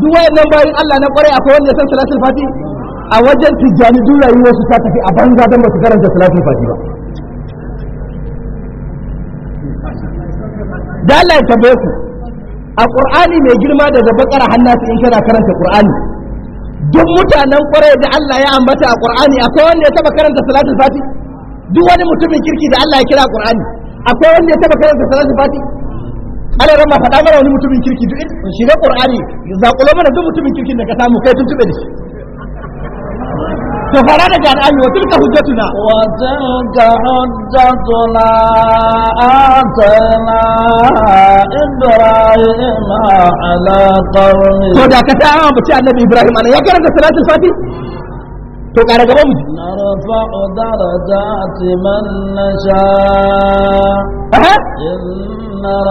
duk wayannan bayin Allah na kware akwai wanda ya san salatul fati a wajen tijjani duk rayuwar su ta tafi a banza don ba su karanta salatul fati ba da Allah ya tambaye ku a Qur'ani mai girma daga bakara hannasu in kana karanta Qur'ani duk mutanen kwarai da Allah ya ambata a Qur'ani akwai wanda ya taba karanta salatu fati duk wani mutumin kirki da Allah ya kira Qur'ani akwai wanda ya taba karanta salatu fati Allah rama faɗa mana wani mutumin kirki duk shiga Qur'ani zaƙulo mana duk mutumin kirkin da ka samu kai tuntube da shi كفرانك عن أي تلك حجتنا وتلك حجتنا آتنا إبراهيم على قرنه سودا كتاب بتاع النبي إبراهيم أنا يا كرة صلاة الفاتح to kare gaba mu narfa'u darajati man nasha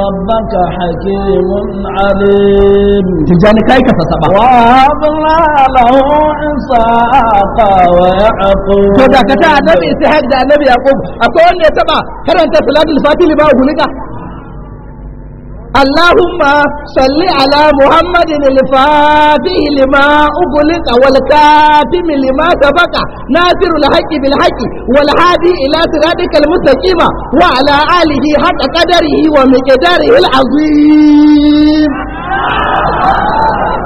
ربك حكيم عليم تجاني كايك فسبا وهبنا له إسحاق ويعقوب تدعك النبي إسحاق النبي يعقوب أقول يا سبا هل أنت صلاة الفاتح لما أقول لك اللهم صل على محمد الفاتح لما أغلق والكاتم لما سبق ناصر الحق بالحق والهادي إلى صراطك المستقيم وعلى آله حق قدره ومقداره العظيم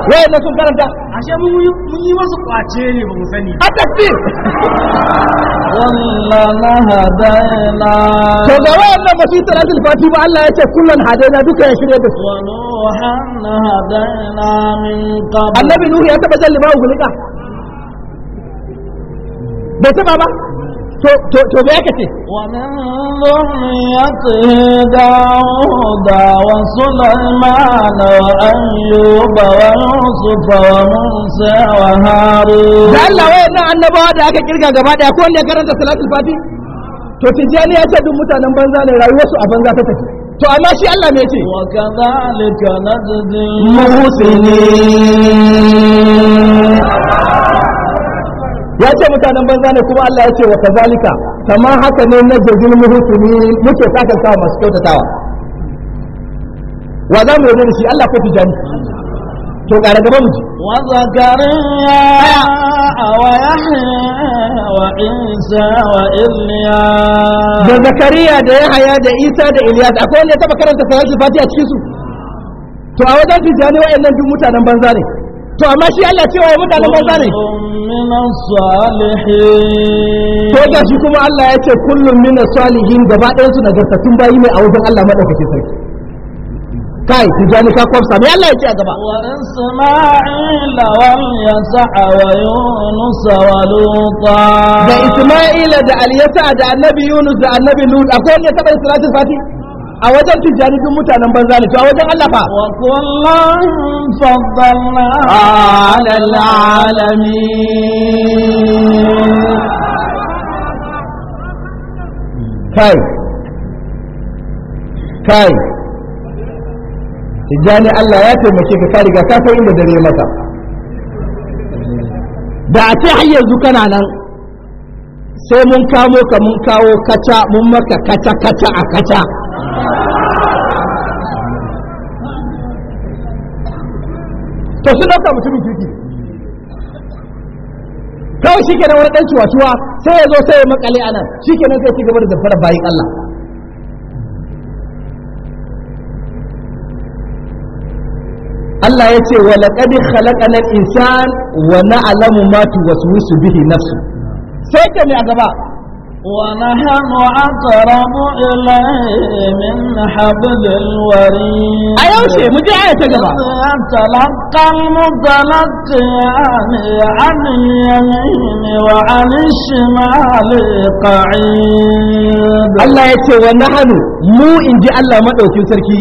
wai da sun karanta ashe mun yi mun kwace ne ba mu sani a takbir wallahi hadaina to ga wannan ba su salatul ba Allah ya ce kullun hadaina duka ya shirya da su wa hadaina min qabl annabi nuhu ya taba ba gulika bai taba ba to to to me yake ce wa min dhurriyyatihi daud wa sulaiman wa ayyub wa yusuf wa musa wa harun da Allah wayannan annabawa da aka kirga gaba daya ko ne karanta salatul fati to tijani ya ce duk mutanen banza ne rayuwarsu a banza ta tafi to amma shi Allah me ce wa kadhalika najzi muhsinin ya ce mutanen banza ne kuma Allah ya ce wa kazalika kamar haka ne na jirgin muhimmi muke saka sawa masu kyautatawa wa za mu yi da shi Allah ko tijani to gara gaba mu wa zakariya wa yahya wa isa wa iliya da zakariya da yahya da isa da da akwai wanda ya taba karanta suratul fatiha cikin su to a wajen tijani wa'annan duk mutanen banza ne to amma shi Allah ce ya mutane banza ne to ga shi kuma Allah ya ce kullum min salihin gaba ɗayan su nagartattun bayi mai a wajen Allah madaukakin sarki kai ku jani ka kwafsa me Allah ya ce a gaba wa isma'ila wal yasa'a wa yunus wa luqa da isma'ila da Aliyata, da annabi yunus da annabi lut akwai ne ya taba salatul fati a wajen tijjani duk mutanen banza ne to a wajen Allah fa wa kullun faddalna alal alamin kai kai tijjani Allah ya taimake ka ka riga ka san inda dare mata. da a ce har yanzu kana nan sai mun kamo ka mun kawo kaca mun maka kaca kaca a kaca to shi dauka mutumin kirki kawai shi kenan wani ɗanci wasuwa sai ya zo sai ya makale anan shi kenan sai ci gaba da zafara bayan Allah Allah ya ce wa laqad khalaqana al-insan wa na'lamu ma tuwaswisu bihi nafsu sai ka ne a gaba Wanne hannu a tarrabu illai min na haɓalilu warin. Ayaushe mu je Allah ya ce mu ji Allah ma ɗauki sarki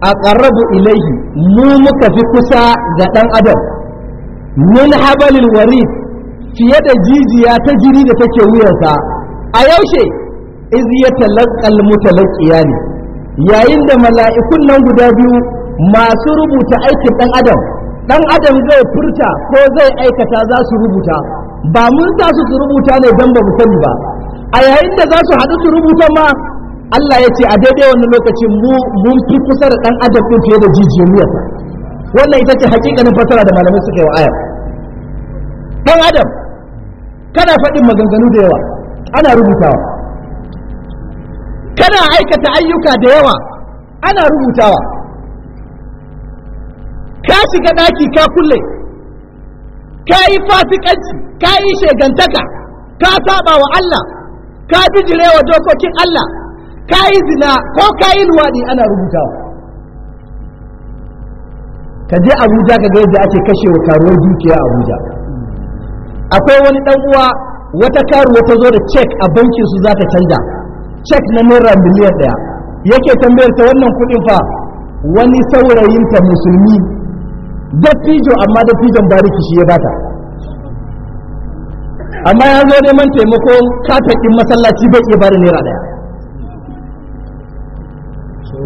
a kararru ilaihi mu tafi kusa ga ɗan adal mun na haɓalilu warin. jijiya ta jirida take wuyasa. a yaushe iz ya talaqqal ne yayin da mala'ikun nan guda biyu masu rubuta aikin ɗan adam ɗan adam zai furta ko zai aikata za su rubuta ba mun sa su rubuta ne don ba mu sani ba a yayin da za su haɗu su rubuta ma Allah ya ce a daidai wani lokaci mun fi kusa da ɗan adam ɗin fiye da jijiyar wannan ita ce hakikanin fasara da malamai suka yi wa ayar ɗan adam kana faɗin maganganu da yawa ana rubutawa kana aikata ayyuka da yawa ana rubutawa ka shiga ɗaki ka kulle ka yi fasikanci ka yi shegantaka ka saba wa Allah ka bijire wa dokokin Allah ka yi zina ko ka yi luwaɗi ana rubutawa ka je abuja ka ga yadda ake kashe wa karuwar dukiya abuja akwai wani ɗan uwa wata karuwa ta zo da cek a bankin su za ta canja cek na naira miliyan daya yake tambayar ta wannan kuɗin fa wani ta musulmi dattijo amma dattijon bariki shi ya bata amma ya zo neman taimako kafin ɗin masallaci bai iya bada naira daya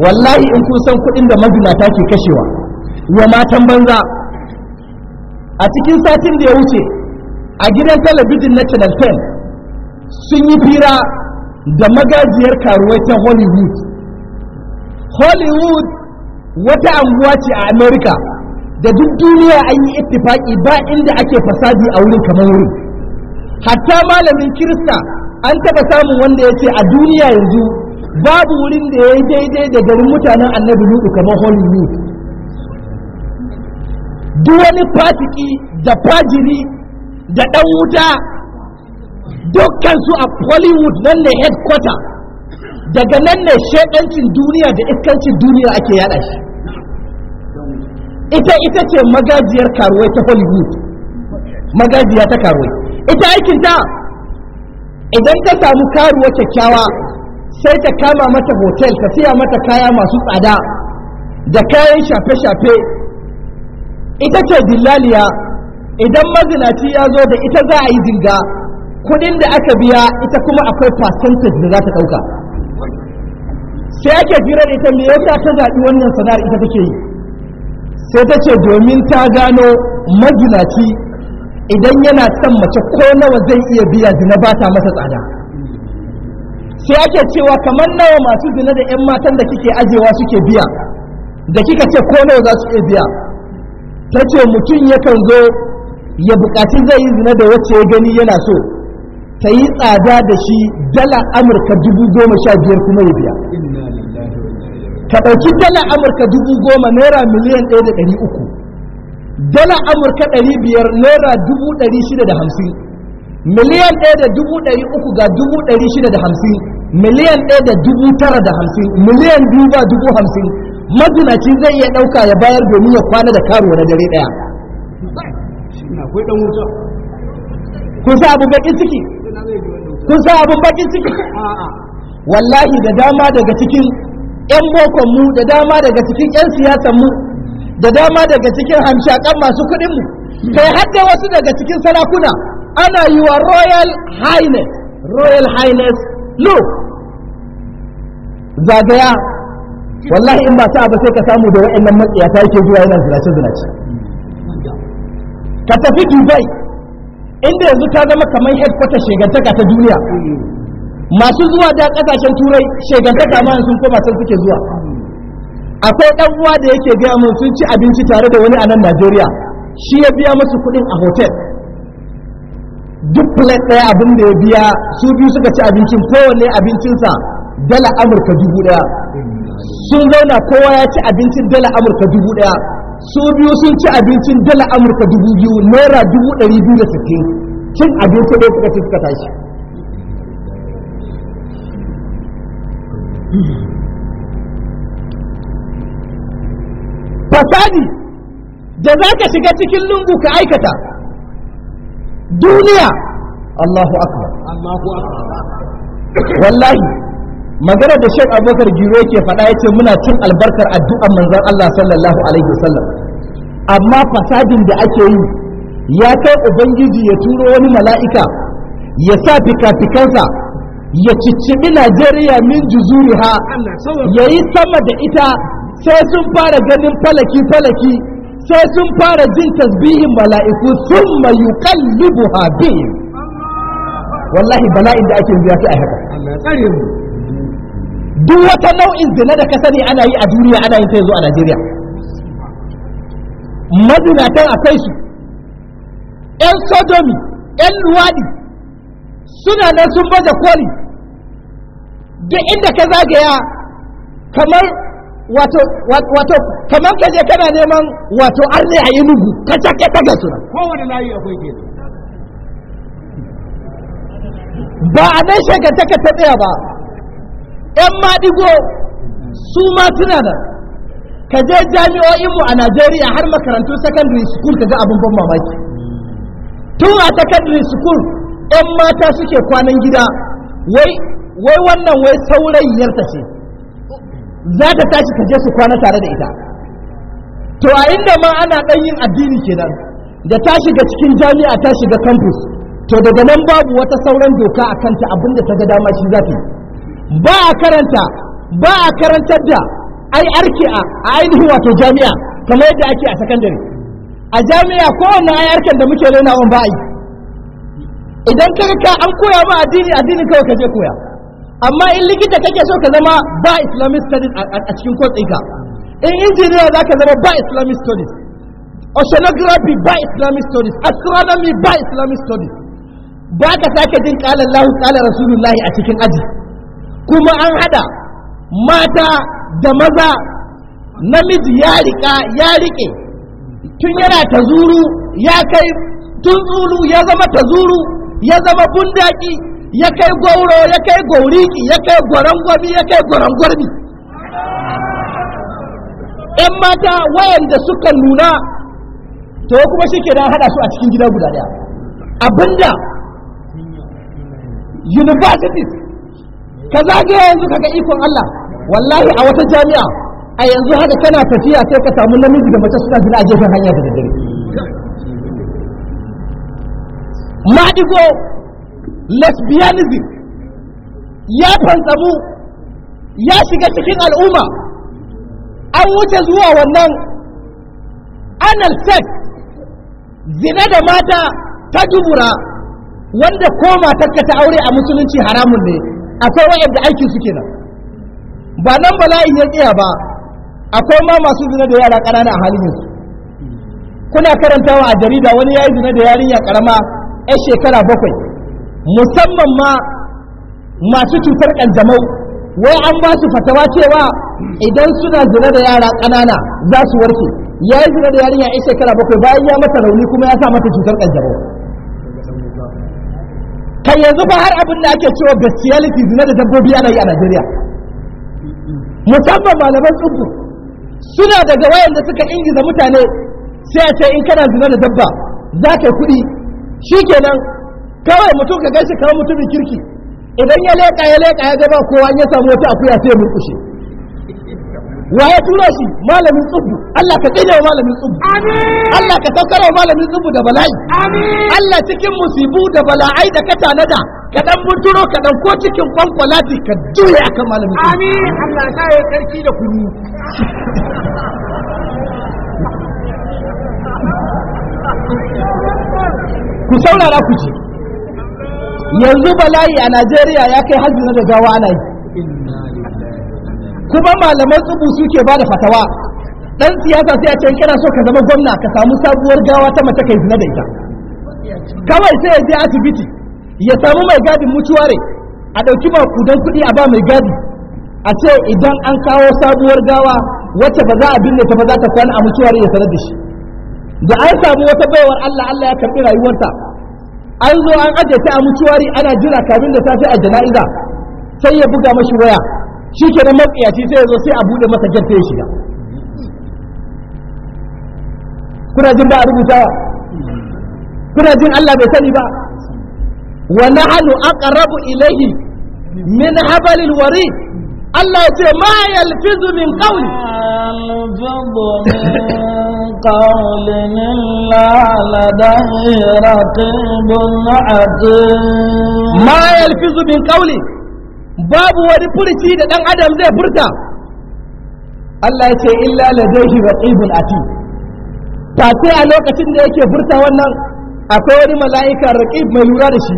wallahi in kun san kuɗin da mazinata ke kashewa wa matan banza a cikin satin da ya wuce a gidan talabijin na channel 10 sun yi fira da magajiyar karuwai ta hollywood hollywood wata anguwa ce a america da duk duniya an yi ittifaki ba inda ake fasadi a wurin kamar wurin hatta malamin kirista an taɓa samun wanda ya ce a duniya yanzu babu wurin da ya yi daidai da garin mutanen annabi lutu kamar hollywood duk wani fatiki da fajiri da ɗan wuta dukkan a Hollywood nan ne headquarter daga nan ne shaidancin duniya da iskancin duniya ake yaɗa shi ita ita ce magajiyar karuwai ta Hollywood magajiya ta karuwai ita aikin idan ka samu karuwa kyakkyawa sai ta kama mata hotel ta siya mata kaya masu tsada da kayan shafe-shafe ita ce dillaliya idan mazinaci ya zo da ita za a yi dinga, kudin da aka biya ita kuma akwai percentage da za ta ɗauka sai ake jira da ita mai yasa ta zaɓi wannan sana'ar ita take yi sai ta ce domin ta gano mazinaci idan yana son mace ko nawa zai iya biya zina ba ta masa tsada sai ake cewa kamar nawa masu zina da 'yan matan da kike ajewa suke biya da kika ce ko nawa za su iya biya ta ce mutum yakan zo ya buƙaci zai yi zina da wacce ya gani yana so ta yi tsada da shi dala amurka dubu goma sha biyar kuma ya biya ka ɗauki dala amurka dubu goma naira miliyan ɗaya da ɗari uku dala amurka ɗari biyar naira dubu ɗari shida da hamsin miliyan ɗaya da dubu ɗari uku ga dubu ɗari shida da hamsin miliyan ɗaya da dubu tara da hamsin miliyan biyu ba dubu hamsin madunaci zai iya ɗauka ya bayar domin ya kwana da karuwa na dare ɗaya akwai dan wuta kun sa abu bakin ciki kun sa abu bakin ciki wallahi da dama daga cikin yan bokon mu da dama daga cikin yan siyasan mu da dama daga cikin hamshakan masu kuɗin mu kai da wasu daga cikin sarakuna ana yi wa royal highness royal highness lo. zagaya wallahi in ba sa ba sai ka samu da wa'annan ta yake zuwa yana zinace zinace ka tafi dubai inda yanzu ta zama kamar headquarter shegantaka ta duniya masu zuwa da kasashen turai shegantaka ma sun koma sun suke zuwa akwai dan uwa da yake biya mun sun ci abinci tare da wani a nan Najeriya shi ya biya musu kuɗin a hotel duk plate ɗaya abin da ya biya su biyu suka ci abincin kowanne abincinsa dala Amurka dubu ɗaya sun zauna kowa ya ci abincin dala Amurka dubu ɗaya So biyu sun ci abincin dala amurka dubu biyu naira dubu ɗari biyu da sittin cin abinci ɗaya suka suka tashi fasadi da za ka shiga cikin lungu ka aikata duniya Allahu akbar Allahu akbar wallahi magana da shek Abubakar Giro yake faɗa yace muna cin albarkar addu'ar manzan Allah sallallahu alaihi wasallam amma fasadin da ake yi ya kai ubangiji ya turo wani mala'ika ya sa fikafikansa ya cicciɓi Najeriya min ha, ya yi sama da ita sai sun fara ganin falaki-falaki sai sun fara jin tasbihin mala'iku sun mayu kallibu habib wallahi bala'in da ake biya fi a haka duk wata nau'in zina da ka sani ana yi a duniya ana yin ta yanzu a Najeriya mazinatan akwai su ‘yan sodomi ‘yan luwadi suna nan sun baje koli duk inda ka zagaya kamar wato wato kamar ka je kana neman wato arne a inugu ta cake ta gasu nan kowane layi akwai ke ba a nan shekar ta tsaya ba 'yan maɗigo su ma suna da ka je jami'o'inmu a najeriya har makarantu secondary school ka ga abin ban mamaki tun a secondary school 'yan mata suke kwanan gida wai wannan wai saurayiyarta ce za ta tashi ka je su kwana tare da ita to a inda ma ana ɗan yin addini kenan da ta shiga cikin jami'a ta shiga campus to daga nan babu wata sauran doka a kanta abinda ta ga dama shi za yi ba a karanta ba a karantar da ai arki a ainihin wato jami'a kamar yadda ake a sakandare a jami'a kowanne ai arkin da muke laina on ba'i yi idan ka ka an koya ma addini addini kawai ka je koya amma in likita kake so ka zama ba islamic studies a cikin kotsinka in injiniya za ka zama ba islamic studies oceanography ba islamic studies astronomy ba islamic studies ba ka sake jin kalan lahu kalan rasulullahi a cikin aji kuma an hada mata da maza namiji ya rika ya riƙe tun yana ta zuru ya kai tun zuru ya zama ta zuru ya zama bundaki ya kai gauro ya kai gauriki ya kai gwarangwami ya kai gwarangwarmi ‘yan mata wayanda suka nuna to kuma shi ke don hada su a cikin gida guda daya abinda universities ka zagaya yanzu ka ga ikon Allah wallahi a wata jami'a a yanzu haka kana tafiya sai ka samu namiji da mace suna zina a gefen hanya da daddare maɗigo lesbianism ya fantsamu ya shiga cikin al'umma an wuce zuwa wannan anal sex zina da mata ta dubura wanda ko matarka ta aure a musulunci haramun ne akwai waɗanda aikin suke nan, ba nan bala'i ya tsaya ba akwai ma masu zina da yara ƙanana a halin yanzu kuna karantawa a jarida wani ya yi zina da yarinya ƙarama ya shekara bakwai musamman ma masu cutar ƙanjamau wai an ba su fatawa cewa idan suna zina da yara ƙanana za su warke ya yi zina da yarinya 'yar shekara bakwai bayan ya mata rauni kuma ya sa mata cutar ƙanjamau kai yanzu ba har abin da ake cewa bestiality zina da dabbobi ana yi a Najeriya musamman malaman tsubu suna daga wayanda suka ingiza mutane sai a ce in kana zina da dabba za ka kuɗi shi nan, kawai mutum ka gaishe kawai mutumin kirki idan ya leƙa ya leƙa ya ga ba kowa ya samu wata akuya sai ya murkushe. wa ya tura shi malamin tsubbu Allah ka tsine wa malamin tsubbu Allah ka saukar wa malamin tsubbu da bala'i Allah cikin musibu da bala'ai da ka tanada ka dan bunturo ka dan ko cikin kwankwalati ka juya akan malamin tsubbu amin Allah ka yi karki da kunu ku saurara ku ce yanzu bala'i a Najeriya ya kai hajji na da gawa ana yi kuma malaman tsubu suke ba da fatawa dan siyasa sai a ce kana so ka zama gwamna ka samu sabuwar gawa ta mace kai zina da ita kawai sai ya je asibiti ya samu mai gadin mutuware a ɗauki makudan kuɗi a ba mai gadi a ce idan an kawo sabuwar gawa wacce ba za a binne ta ba za ta kwana a mutuware ya sanar da shi da an samu wata baiwar Allah Allah ya karɓi rayuwarta an zo an ajiye ta a mutuwari ana jira kamin da ta fi a jana'iza sai ya buga mashi waya shi ke nan matsiyaci sai ya zo sai a buɗe masa jar sai ya shiga kuna jin ba a rubutawa kuna jin Allah bai sani ba wa nahnu aqrabu ilayhi min hablil warid Allah ya ce ma yalfizu min qawli yalfizu min qawlin illa ladayhi raqibun atid ma yalfizu min qawli babu wani furci da dan adam zai furta Allah ya ce illa ladaihi raqibun ati ta sai a lokacin da yake furta wannan akwai wani mala'ika raqib mai lura da shi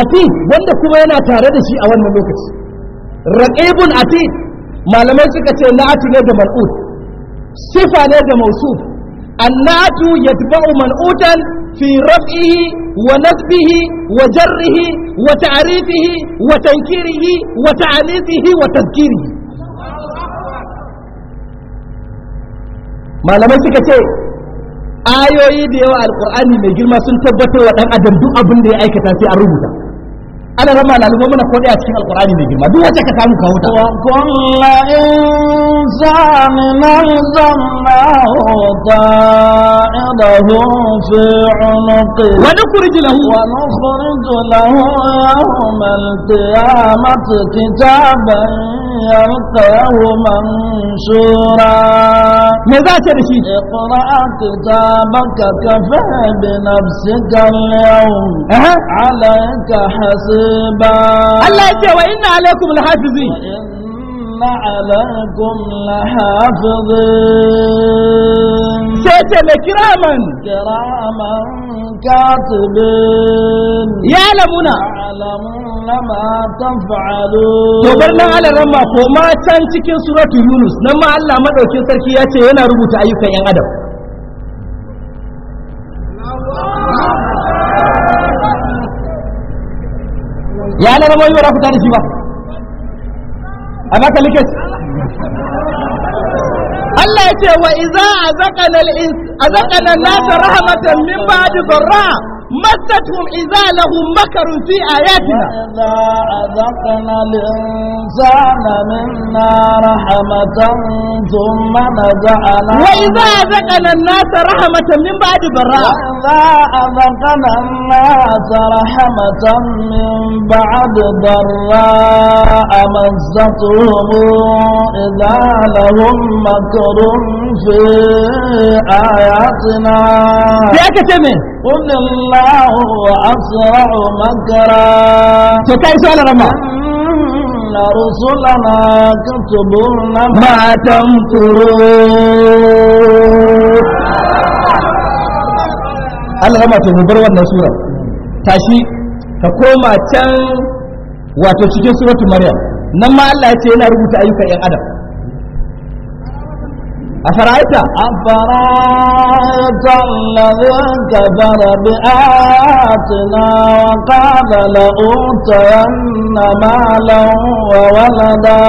ati wanda kuma yana tare da shi a wannan lokaci raqibun ati malamai suka ce na'atu ne da mal'ud sifa ne da mausuf النعت يتبع من أوتل في رفعه ونسبه وجره وتعريفه وتنكيره وتعليقه وتذكيره ما لما سكتي آيو يدي القرآن من ما سنتبتو وطن أدم دو أبن دي أي كتاسي الرمضان أنا رمى الألمومنا قولي أتشيك القرآن من جمع دو وجهك كامو كاوتا وكل إنسان نظم وطائده في عنق ونخرج له ونخرج له يوم القيامة كتابا يلقاه منشورا ماذا ترشيد؟ اقرأ كتابك كفى بنفسك اليوم أه؟ عليك حسيب ba Allah ya ce wa inna alaikum alhafizin inna alaikum alhafizin sai ce mai kiraman kiraman katibin ya lamuna. alamuna ma tafalu to bar nan alaran ko ma can cikin suratu yunus nan ma Allah madaukin sarki ya ce yana rubuta ayyukan yan adam ya na rabo yi ba fita da shi ba a baka likit Allah ya ce wa iza a al-ins azaqana an-nasa rahmatan min ba'di dharra مستهم إذا لهم مكر في آياتنا إذا أذقنا الإنسان منا رحمة ثم نزعنا وإذا أذقنا الناس رحمة من بعد براء وإذا أذقنا الناس رحمة من بعد ضراء مستهم إذا لهم مكر في آياتنا يا كتمين قل الله أسرع مكرا تكيس على رمى إن رسلنا كتبون ما تمكرون Allah rama ta bar wannan sura tashi ka koma can wato cikin suratul maryam nan ma Allah ce yana rubuta ayyukan yan adam أفرأيت أفرأيت الذي كفر بآياتنا وقال لأوتين مالا وولدا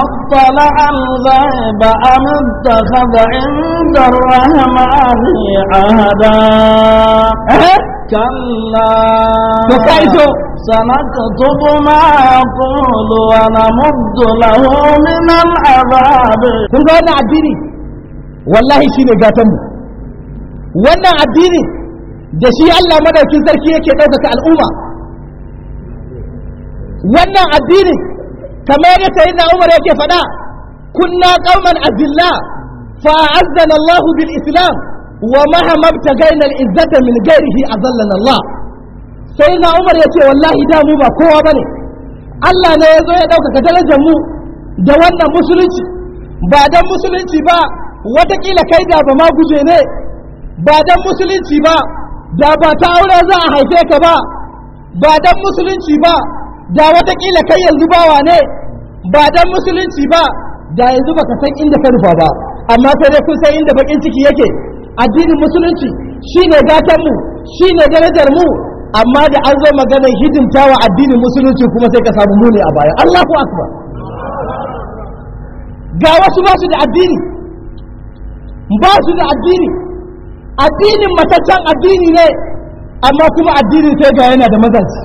أطلع الغيب أم اتخذ عند الرحمن عهدا كلا سنكتب ما يقول ونمد له من العذاب kun ga wannan addini wallahi shi ne gatanmu wannan addini da shi Allah madaukin sarki yake ɗaukaka al'umma wannan addini kamar yadda sayyidina Umar yake faɗa kunna qauman azilla fa azzana Allahu bil islam wa mahama btagaina al izzata min ghairihi azallana Allah sai na umar ya ce wallahi da mu ba kowa bane Allah ne ya zo ya ɗaukaka darajar mu da wannan musulunci ba dan musulunci ba watakila kai da ba ma guje ne ba dan musulunci ba da ba ta aure za a haife ka ba ba dan musulunci ba da watakila kai yanzu bawa ne ba dan musulunci ba da yanzu baka san inda ka nufa ba amma sai dai kun san inda bakin ciki yake addinin musulunci shine gatan mu shine darajar mu amma da an zo maganar hidimta wa addinin musulunci kuma sai ka samu muni a baya Allahu akbar ga wasu ba su da addini ba su da addini addinin mataccen addini ne amma kuma addini sai ga yana da mazaji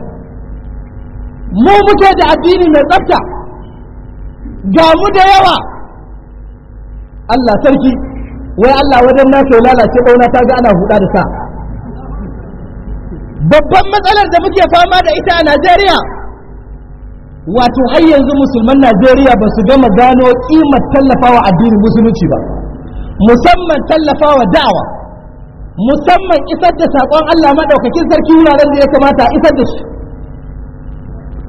mu muke da addini mai tsafta ga mu da yawa Allah sarki wai Allah wajen na lalace ɓauna ta ga ana huda da sa babban matsalar da muke fama da ita a najeriya wato har yanzu musulman najeriya ba su gama gano kimar tallafawa addinin musulunci ba musamman tallafawa da'awa musamman isar da saƙon allah maɗaukakin sarki wuraren da ya kamata a isar da shi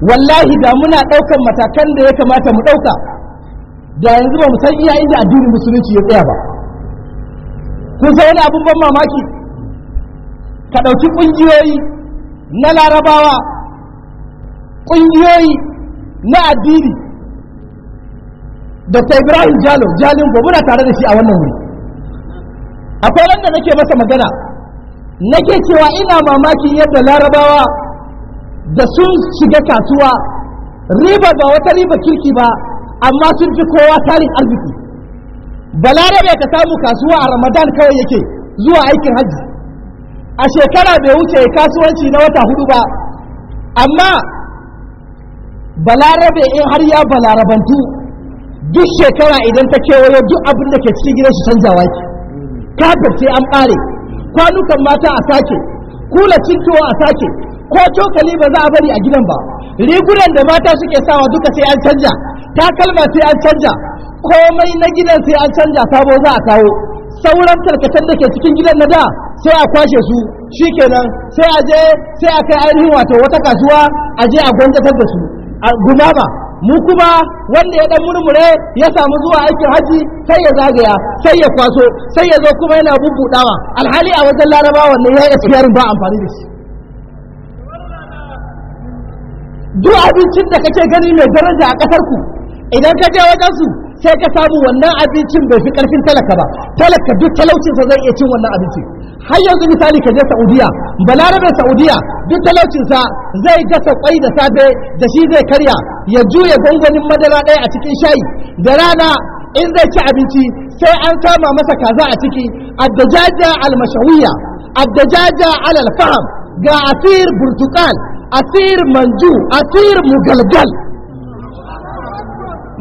wallahi da muna ɗaukan matakan da ya kamata mu ɗauka da yanzu ba mu san iya inda addinin musulunci ya tsaya ba kun san wani abin ban mamaki ka ɗauki ƙungiyoyi na larabawa ƙungiyoyi na addini dr ibrahim jalo jalin muna tare da shi a wannan wuri akwai wanda nake masa magana nake cewa ina mamakin yadda larabawa da sun shiga kasuwa riba ba wata riba kirki ba amma sun fi kowa tarin arziki balarabe ka samu kasuwa a ramadan kawai yake zuwa aikin hajji a shekara bai wuce kasuwanci na wata hudu ba amma balarabe in har ya balarabantu duk shekara idan ta kewayo duk abin da ke cikin gidan su canjawa ki kafin sai an bare kwanukan mata a sake kula cintowa a sake ko cokali ba za a bari a gidan ba rigunan da mata suke sawa duka sai an canja takalma sai an canja komai na gidan sai an canja sabo za a kawo sauran tarkatan da ke cikin gidan na da sai a kwashe su shi kenan sai a je sai a kai ainihin wato wata kasuwa a je a gwanjatar da su a gumama mu kuma wanda ya dan murmure ya samu zuwa aikin haji sai ya zagaya sai ya kwaso sai ya zo kuma yana bubbudawa alhali a wajen larabawa wannan ya yi ba amfani da shi duk abincin da kake gani mai daraja a kasar ku idan ka je wajen su sai ka samu wannan abincin bai fi karfin talaka ba talaka duk talaucinsa zai iya cin wannan abinci har yanzu misali ka je saudiya balarabe saudiya duk talaucinsa zai gasa kwai da safe da shi zai karya ya juya gwangwanin madara ɗaya a cikin shayi da rana in zai ci abinci sai an kama masa kaza a ciki addajaja almashawiya addajaja alalfaham ga asir burtukal asir manju asir mugalgal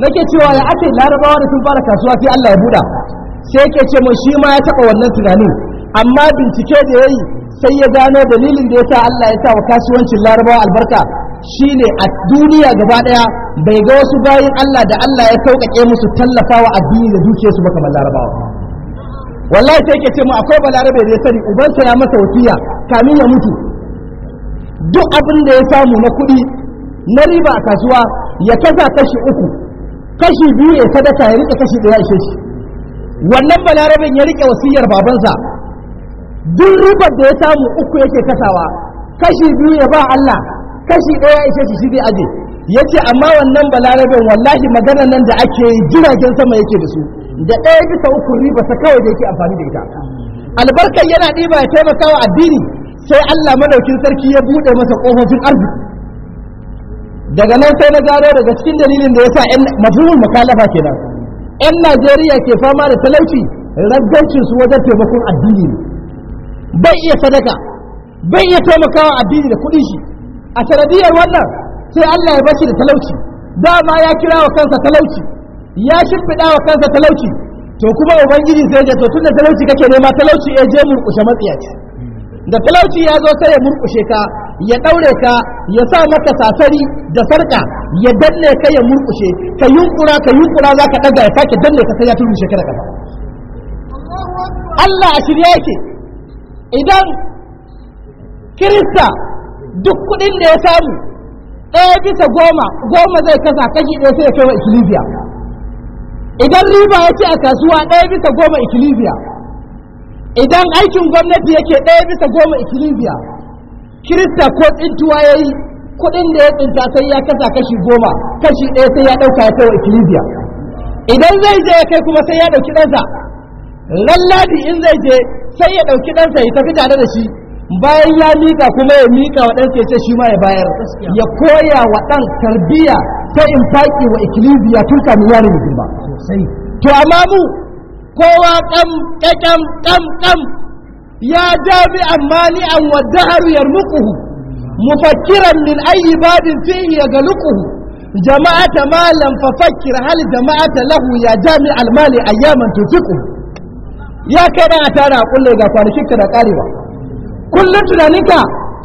nake cewa ya ake larabawa da sun fara kasuwa sai Allah ya buɗa sai yake ce mun shi ma ya taɓa wannan tunanin amma bincike da ya yi sai ya gano dalilin da ya sa Allah ya sa wa kasuwancin larabawa albarka ne a duniya gaba ɗaya bai ga wasu bayin Allah da Allah ya sauƙaƙe musu tallafawa addini da dukiyarsu ba kamar larabawa wallahi sai yake ce mu akwai balarabe da ya sani ubansa ya masa wasiya kamin ya mutu duk abin da ya samu na kuɗi na riba a kasuwa ya kasa kashi uku kashi biyu ya sadaka ya rike kashi ɗaya ishe shi wannan balarabin ya rike wasiyar babansa duk ribar da ya samu uku yake kasawa kashi biyu ya ba Allah kashi ɗaya ishe shi shi zai aje ya ce amma wannan balarabin wallahi maganar nan da ake yi jiragen sama yake da su da ɗaya bisa uku riba ta kawai da yake amfani da ita albarkar yana ɗiba ya taimaka wa addini sai Allah madaukin sarki ya buɗe masa ƙofofin arziki daga nan sai na gano daga cikin dalilin da yasa yan mafhumul mukalafa kenan yan Najeriya ke fama da talauci ragancin su wajen taimakon addini ne bai iya sadaka bai iya taimakawa addini da kuɗi shi a sanadiyar wannan sai Allah ya bashi da talauci dama ya kira wa kansa talauci ya shimfiɗa wa kansa talauci to kuma ubangiji sai ya ce to tunda talauci kake nema talauci ya eh, je murƙushe matsiyaci da talauci ya zo sai ya murkushe ka ya ɗaure ka ya sa maka sasari da sarka ya danne ka ya murkushe ka yunkura ka yunkura za ka ɗaga ya sake danne ka sai ya turmushe ka da Allah a shirya yake idan kirista duk kuɗin da ya samu ɗaya bisa goma goma zai kasa kashi ɗaya sai ya kai wa ikilisiya idan riba ya ce a kasuwa ɗaya bisa goma ikilisiya idan aikin gwamnati yake ɗaya bisa goma ikilisiya kirista ko tsintuwa ya yi kuɗin da ya tsinta sai ya kasa kashi goma kashi ɗaya sai ya ɗauka ya kawo ikilibiya idan zai je ya kai kuma sai ya ɗauki ɗansa lalladi in zai je sai ya ɗauki ɗansa ya tafi tare da shi bayan ya mika kuma ya mika wa ɗansa ya ce shi ma ya bayar ya koya wa ɗan tarbiyya ta in faƙi wa ikilisiya tun kamin yaron ya girma to amma mu kowa kam eh, kam kam kam ya jami ammani an wadahar yarmuquhu mufakkiran min ayi badin fihi jama'a jama'ata malam fafakkir hal ta lahu ya jami almali ayyaman tutuku ya kai dan a tara kulle ga kwanakin ka da karewa Kullum tunaninka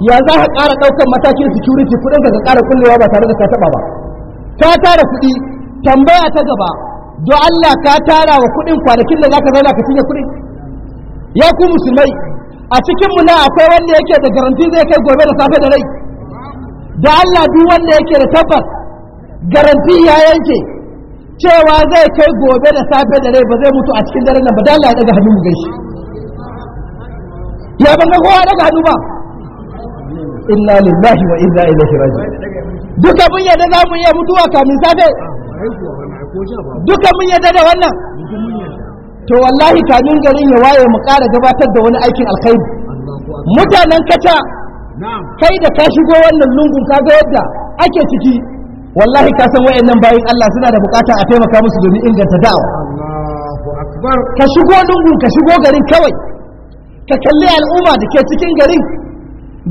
ya za ka ƙara ɗaukar matakin security kuɗin ka ƙara kullewa ba tare da ka taɓa ba ta tara kuɗi tambaya ta gaba don Allah ka tara wa kuɗin kwanakin da ka zauna ka cinye kuɗin ya ku musulmai a cikin mu na akwai wanda yake da garanti zai kai gobe da safe da rai da Allah duk wanda yake da tabbas garanti ya yanke cewa zai kai gobe da safe da rai ba zai mutu a cikin dare nan ba da Allah ya daga hannu mu gaishe ya ban ga kowa daga hannu ba inna lillahi wa inna ilaihi raji'un duk abin yadda za mu iya mutuwa kamin safe duka mun yadda da wannan to wallahi kamin garin ya waye mu ƙara gabatar da wani aikin alkhairi mutanen kata kai da ka shigo wannan lungun ka ga yadda ake ciki wallahi ka san wayannan bayin Allah suna da bukata a taimaka musu domin inganta da'awa ka shigo lungun ka shigo garin kawai ka kalli al'umma da ke cikin garin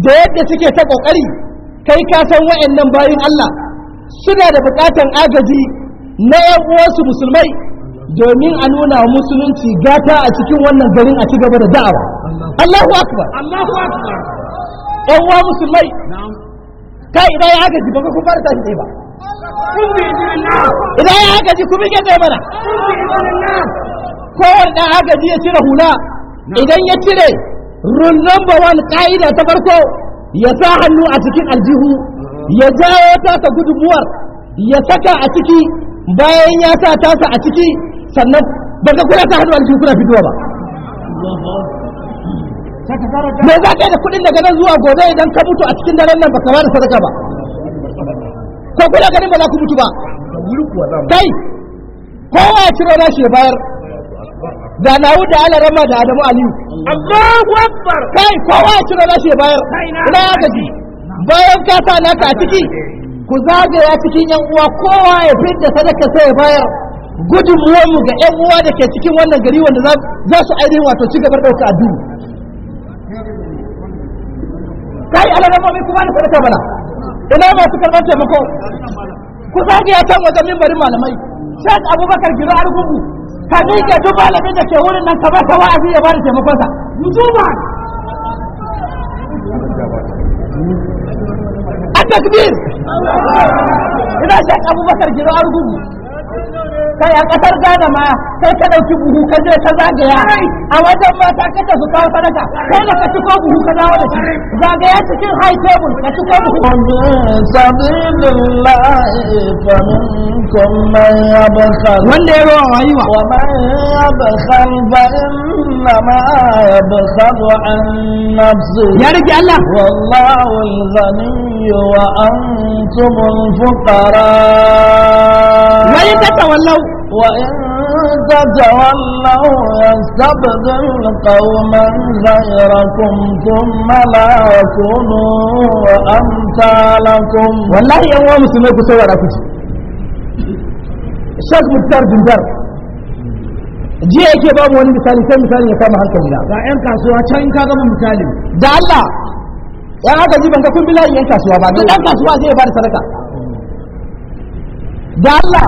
da yadda suke ta kokari kai ka san wayannan bayin Allah suna da bukatan agaji na wasu musulmai domin a nuna musulunci gata a cikin wannan garin a ci gaba da da'awa Allahu akbar Allahu akbar ƴan uwa musulmai kai idan ya haka ji ba kuma fara tashi dai ba idan ya haka ji ku bi gaje mana kowar dan haka ji ya cire hula idan ya cire rundun ba wani ka'ida ta farko ya sa hannu a cikin aljihu ya jawo ta gudunmuwar ya saka a ciki bayan ya sa tasa a ciki sannan ba ga kuna ta hannu aljihu kuna fitowa ba me za ka yi da kuɗin daga nan zuwa gobe idan ka mutu a cikin daren nan ba ka da sadaka ba ko kuna ganin ba za ku mutu ba kai kowa ya ciro na ya bayar da nawu da ala rama da adamu aliyu kai kowa ya ciro na ya bayar ina ya gaji bayan ka sa naka a ciki ku zagaya cikin yan uwa kowa ya fidda sadaka sai ya bayar mu ga yan uwa da ke cikin wannan gari wanda za su ainihin wato ci gabar dauka addini kai mu kuma na sadaka bala ina masu karɓar taimako ku zagaya kan wajen bari malamai shek abubakar giro argugu ka miƙe duk malamin da ke wurin nan ka bar ka wa'azi ya bada taimakonsa duba a takbir ina shi abubakar gina argugu kai a kasar Ghana ma sai ka dauki buhu ka je ka zagaya a wajen mata ka ta su kawo sadaka kai da ka ci ko buhu ka dawo da shi zagaya cikin high table ka ci ko buhu sabilillahi fa minkum man yabkhal wanda ya rawa rayuwa wa man yabkhal fa inna ma an nafsi ya wallahu al-ghani وإن تتولوا يستبدل قوما غيركم ثم لا يكونوا أمثالكم والله يا أمام مسلمين كسوى راكوتي الشيخ مختار بن درب jiya yake ba wani misali sai misali ya kama hankali na ga yan kasuwa can misali da Allah yan haka ji ban ga kun bi layin yan kasuwa ba kasuwa ba sadaka da Allah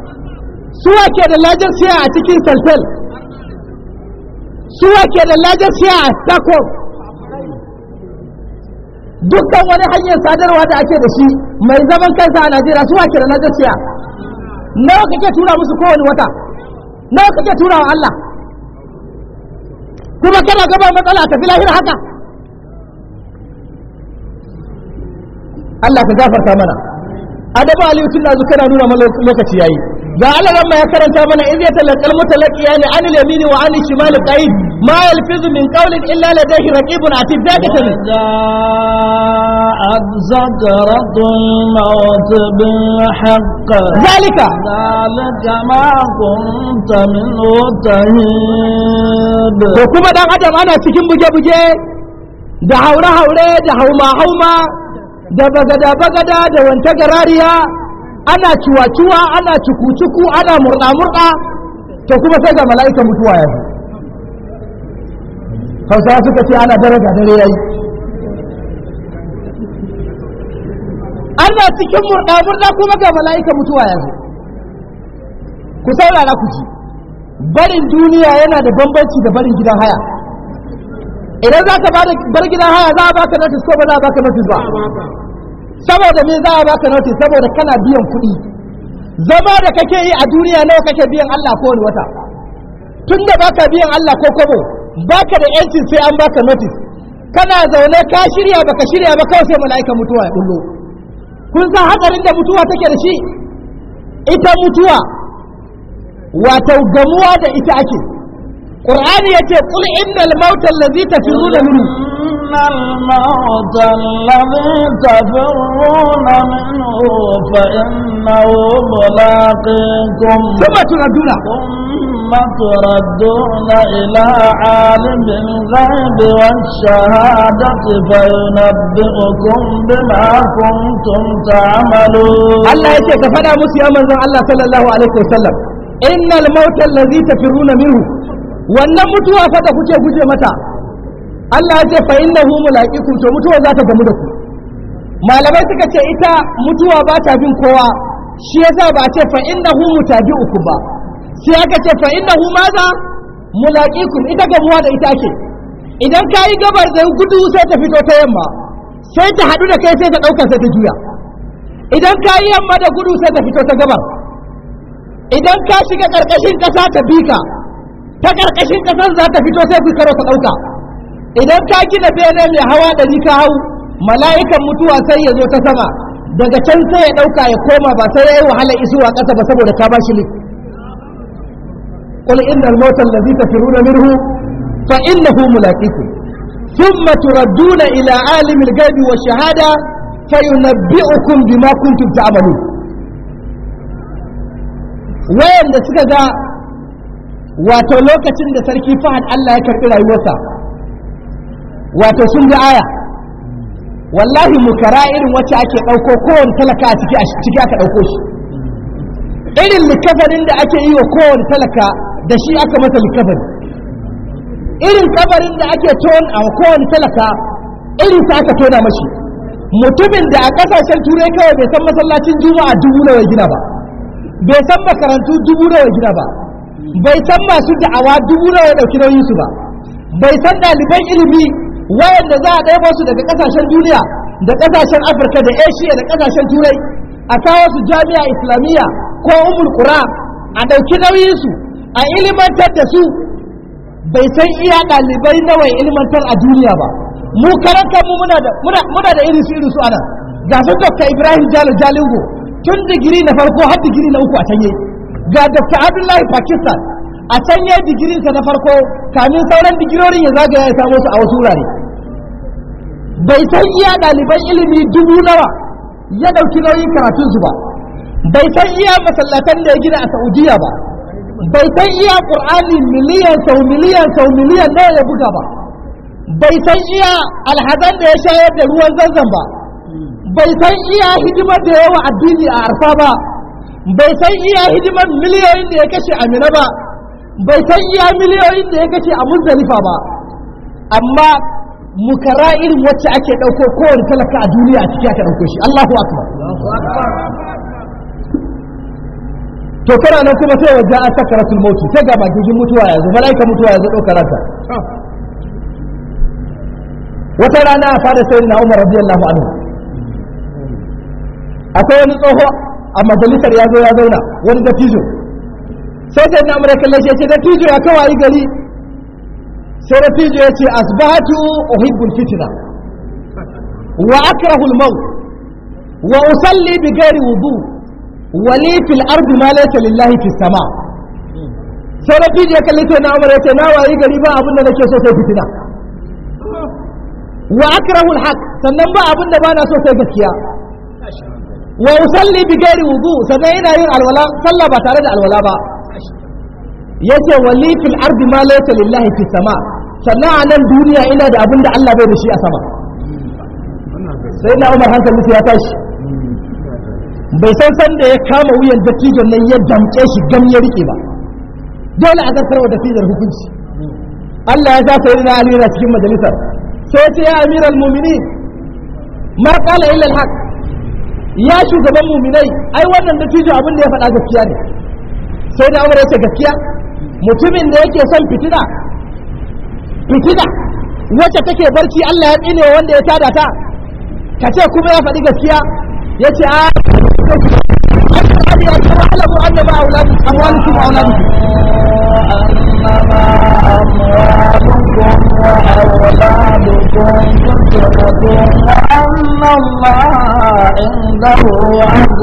suwa ke da lajar siya a cikin salsal suwa ke da lajar siya a tako dukkan wani hanyar sadarwa da ake da shi mai zaman kansa a najeriya suwa ke da lajar siya nawa kake tura musu kowane wata nawa kake tura wa allah kuma kana gaba matsala tafi lahira haka Allah ka gafarta mana adaba aliyu tun da kana nuna mana lokaci yayi ga ma ya karanta mana idh yatalaqal mutalaqiyani an al-yamini wa an al-shimali qa'id ma yalfizu min qawlin illa ladayhi raqibun atid dakatan أبزجرة الموت Zalika. ذلك ذلك ما كنت منه تهيب وكما دان da haure-haure da hauma-hauma da bagada-bagada da wanta garariya ana ciwa-ciwa ana cuku-cuku ana murɗa-murɗa to kuma sai ga mala'ika mutuwa ya hausawa suka ce ana daraja dare yayi ana cikin murɗa-murɗa kuma ga mala'ika mutuwa ya ku saurara ku ji barin duniya yana da bambanci da barin gidan haya idan za ka bar gidan haya za a baka notice ko ba za a baka notice ba saboda me za a baka notice saboda kana biyan kuɗi zama da kake yi a duniya nawa kake biyan Allah ko wani wata tun da baka biyan Allah ko kobo baka da yanci sai an baka notice kana zaune ka shirya baka shirya ba kawai sai mala'ika mutuwa ya bullo kun san hatsarin da mutuwa take da shi ita mutuwa wato gamuwa da ita ake قرآن يتي قل إن الموت الذي تفرون منه إن الموت الذي تفرون منه فإنه ملاقيكم ثم تردون ثم تردون إلى عالم الغيب والشهادة فينبئكم بما كنتم تعملون الله يتي فأنا موسى أمر الله صلى الله عليه وسلم إن الموت الذي تفرون منه wannan mutuwa fa da kuke guje mata Allah ya ce fa innahu mulaqikum to mutuwa za ta gamu da ku malamai suka ce ita mutuwa ba ta bin kowa shi yasa ba ce fa innahu mutabi'uku ba sai aka ce fa innahu maza mulaqikum ita gamuwa da ita ce idan ka yi gabar da gudu sai ta fito ta yamma sai ta haɗu da kai sai ta ɗauka sai ta juya idan ka yi yamma da gudu sai ta fito ta gabar idan ka shiga ƙarƙashin ƙasa ta bika ta karkashin kasan za ta fito sai ku karo ta dauka idan ka gina bene mai hawa da ni ka hau mala'ikan mutuwa sai ya zo ta sama daga can sai ya dauka ya koma ba sai ya yi wahala isuwa kasa ba saboda ta bashi liki قل إن الموت الذي تفرون منه فإنه ملاقيكم ثم تردون إلى عالم الغيب والشهادة فينبئكم بما كنتم تعملون وين Wayanda suka ga wato lokacin da sarki fahad Allah ya karɓi rayuwarsa wato sun da aya wallahi mu kara irin wacce ake ɗauko kowane talaka a ciki a ciki aka ɗauko shi irin likafarin da ake yi wa kowane talaka da shi aka masa likafari irin kafarin da ake ton a kowane talaka irin sa aka tona mashi mutumin da a kasashen turai kawai bai san masallacin juma'a dubu nawa gina ba bai san makarantu dubu nawa gina ba bai san masu da'awa dubu nawa ya ɗauki nauyin su ba bai san ɗaliban ilimi wayanda za a ɗaya su daga ƙasashen duniya da ƙasashen afirka da asia da ƙasashen turai a kawo su jami'a islamiyya ko umul kura a ɗauki nauyin su a ilimantar da su bai san iya ɗalibai nawa ya ilimantar a duniya ba mu karanta mu muna da irin su irin su ana ga su dr ibrahim jalo jalingo tun digiri na farko har digiri na uku a taye. ga dr abdullahi pakistan a can ya digirinsa na farko kamin sauran digirorin ya zagaya ya samu su a wasu wurare bai san iya ɗaliban ilimi dubu nawa ya ɗauki nauyin karatunsu ba bai san iya masallatan da ya gina a saudiya ba bai san iya ƙur'ani miliyan sau miliyan sau miliyan nawa ya buga ba bai san iya alhazan da ya shayar da ruwan zanzan ba bai san iya hidimar da yawa addini a arfa ba bai san iya hidimar miliyoyin da ya kashe a mina ba bai san iya miliyoyin da ya kashe a muzdalifa ba amma mukara irin wacce ake ɗauko kowane talaka a duniya a ciki aka ɗauko shi Allahu akbar to kana nan kuma sai wajen an sakaratul mauti sai ga bakin mutuwa yanzu mala'ika mutuwa yanzu ɗaukar ranta wata rana a fara sayi na umar radiyallahu anhu akwai wani tsoho a majalisar ya zo ya zauna wani tijo sai sai na amurka lashe ya ce tijo ya kawai gari sai tijo ya ce asbahatu uhibbul fitna wa akrahu al-maut wa usalli bi ghairi wudu wa li fil ardi ma laysa lillahi fis sama sai tijo ya kalle sai na amurka ya ce na wayi gari ba abin da nake so sai fitina wa akrahu al sannan ba abin da bana so sai gaskiya wa usalli bi ghairi wudu sannan yana yin alwala sallah ba tare da alwala ba yace wali fil ardi ma laysa lillahi fi sama a nan duniya ina da abin da Allah bai da shi a sama sai na Umar sai ya tashi bai san san da ya kama wuyan dattijon nan ya damke shi gam ya rike ba dole a zartarwa dattijon hukunci Allah ya sa sai na Ali na cikin majalisar sai ya ce ya amiral mu'minin ma qala illa al-haq ya shugaban muminai ai wannan dattijo abin da ya faɗa gaskiya ne sai da amur yace gaskiya mutumin da yake son fitina fitina wacce take barci Allah ya tsine wanda ya tada ta ka ce kuma ya faɗi gaskiya ya ce a ya ce wa alamu annaba auladukum amwalukum auladukum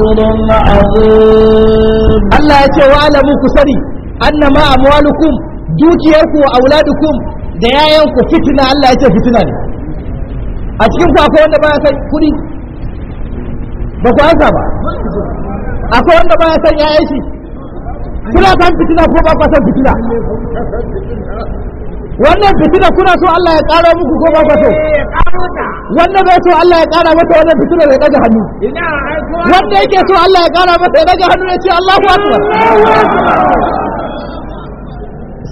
Allah ya ce wa alamu ku sani annama, ma amwalukum dukiyarku wa auladukum da yayanku fitina Allah ya ce fitina ne a cikin ku akwai wanda baya san kudi ba ku ansa ba akwai wanda baya san yayan shi kuna kan fitina ko ba ku san fitina wannan fitina kuna so Allah ya ƙara muku ko ba so eh, wanda bai so Allah ya ƙara mata wannan fitina da daga hannu wanda yake so Allah ya ƙara mata ya daga hannu ya ce Allahu akbar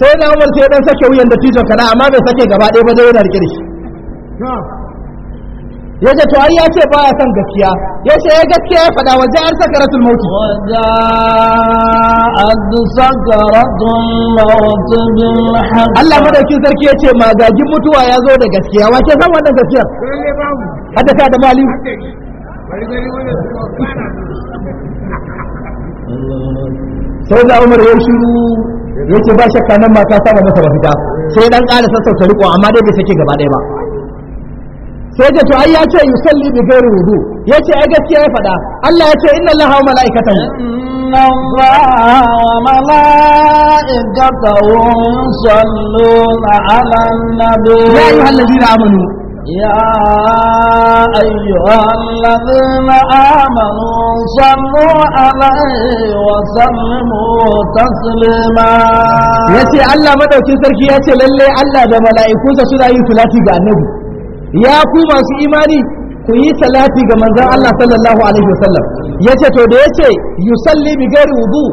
sai na umar sai dan sake wuyan da tijon kana amma bai sake gaba ɗaya ba zai yana rike da shi ya ce to ai ya ce baya son gaskiya ya ce ya eh, gaskiya ya faɗa waje an sakaratul mauti waje an sakaratul mauti bil haqq Allah madaukin sarki ya ce magagin mutuwa ya zo da gaskiya ke san wannan gaskiya hada ta da mali sai da Umar ya shiru ya ce ba shakka nan mata saba masa fita sai dan ƙara sassauta riko amma dai bai sake gaba ɗaya ba sai to ai ya ce yusalli bi ghairi wudu yace ai gaskiya ya faɗa Allah ya ce inna Allaha wa mala'ikatahu inna Allaha wa mala'ikatahu yusalluna 'alan nabi ya ayyuhallazina amanu يا أيها الذين آمنوا صلوا عليه وسلموا تسليما يتي الله مدوكي سركي يتي ya ku masu imani ku yi salati ga manzon Allah sallallahu alaihi wasallam yace to da yace yusalli bi ghairi wudu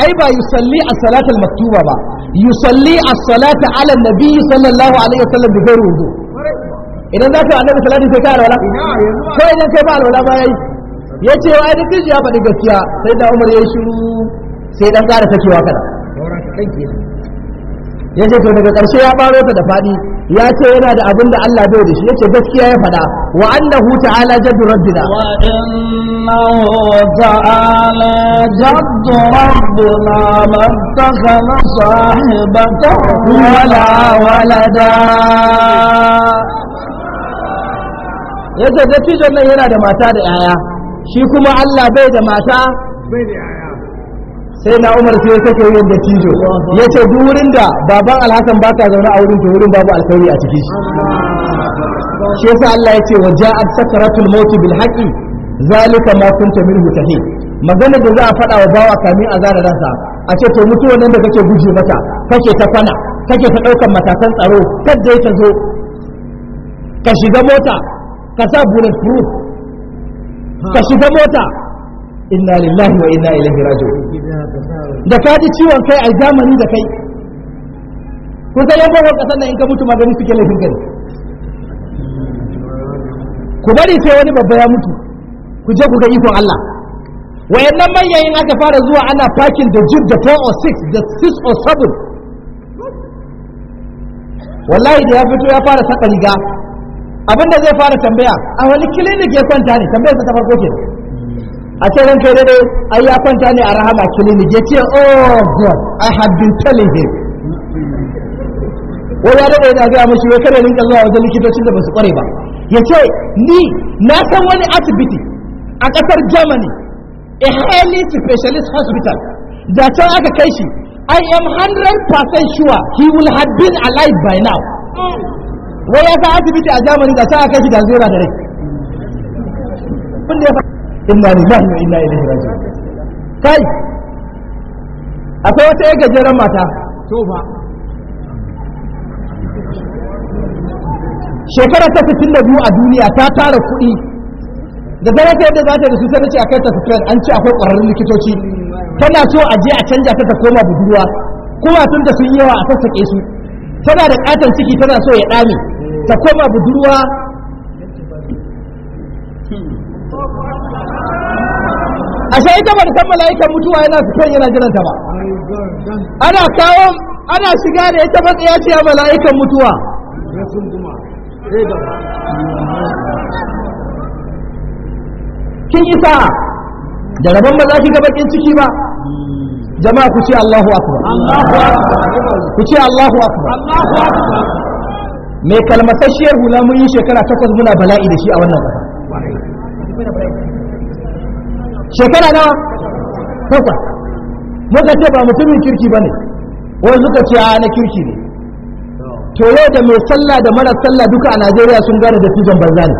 ai ba yusalli as-salata al-maktuba ba yusalli as-salata ala nabi sallallahu alaihi wasallam bi ghairi wudu idan za ka annabi salati sai ka alwala ko idan kai ba alwala ba yayi yace wa ai dukkan ya faɗi gaskiya sai da Umar yi shiru sai dan ƙara takewa kada ya ce to daga karshe ya baro ta da fadi ya ce yana da abin da Allah bai da shi yace gaskiya ya fada wa annahu ta'ala jaddu rabbina wa innahu ta'ala jaddu rabbina man mattakhana sahibatan wala walada yace da tijon nan yana da mata da 'ya'ya shi kuma Allah bai da mata bai da 'ya'ya sai na umar sai sake yin da tijo ya ce duk wurin da baban alhassan ba ta zaune a wurin to wurin babu alkhairi a cikin shi shi yasa Allah ya ce wa ja'at sakaratul maut bil haqi zalika ma kunta minhu tahi magana da za a faɗa wa bawa kamin a zara ransa a ce to mutuwa nan da kake guje mata kake ta kwana kake ta ɗaukar matakan tsaro kadda ya ta zo ka shiga mota ka sa bullet proof ka shiga mota inna lillahi wa inna ilaihi raji'un da ka ji ciwon kai a zamani da kai ko sai yan bawa kasan nan in ka mutu magani suke laifin kai ku bari sai wani babba ya mutu ku je ku ga ikon Allah wayannan manyan in aka fara zuwa ana parking da jeep da 4 or 6 da 6 or 7 wallahi da ya fito ya fara saka riga abinda zai fara tambaya a wani clinic ya kwanta ne tambayarsa ta farko kenan a ce kai dai ai ya kwanta ne a rahama clinic ya ce oh god i have been telling him wai ya daɗe na gaya mashi wai kada rinka zuwa wajen likitocin da ba su kware ba ya ce ni na san wani asibiti a ƙasar germany a highly specialist hospital da can aka kai shi i am 100% sure he will have been alive by now wai ya sa asibiti a germany da can aka kai shi da zura da rai inna lillahi wa inna ilaihi raji'un kai akwai wata gajeren mata to fa shekara ta 62 a duniya ta tara kuɗi da zara ta yadda za ta da su sai ce akai ta fitar an ce akwai ƙwararrun likitoci tana so a je a canja ta ta koma budurwa kuma tun da sun yi yawa a sassaƙe su tana da ƙaton ciki tana so ya ɗame ta koma budurwa ashe ita ba san mala'ikan mutuwa yana fitan yana jiranta ba ana kawo ana shiga da ita matsaya ce mala'ikan mutuwa kin isa da rabon ba za ki ga bakin ciki ba jama'a ku ce Allahu akbar ku ce Allahu akbar mai kalmasasshiyar hula mun yi shekara takwas muna bala'i da shi a wannan ƙasa shekara nawa takwas muka ce ba mutumin kirki ba ne wani suka ce a na kirki ne to yau da mai sallah da mara sallah duka a najeriya sun gane da tijan banza ne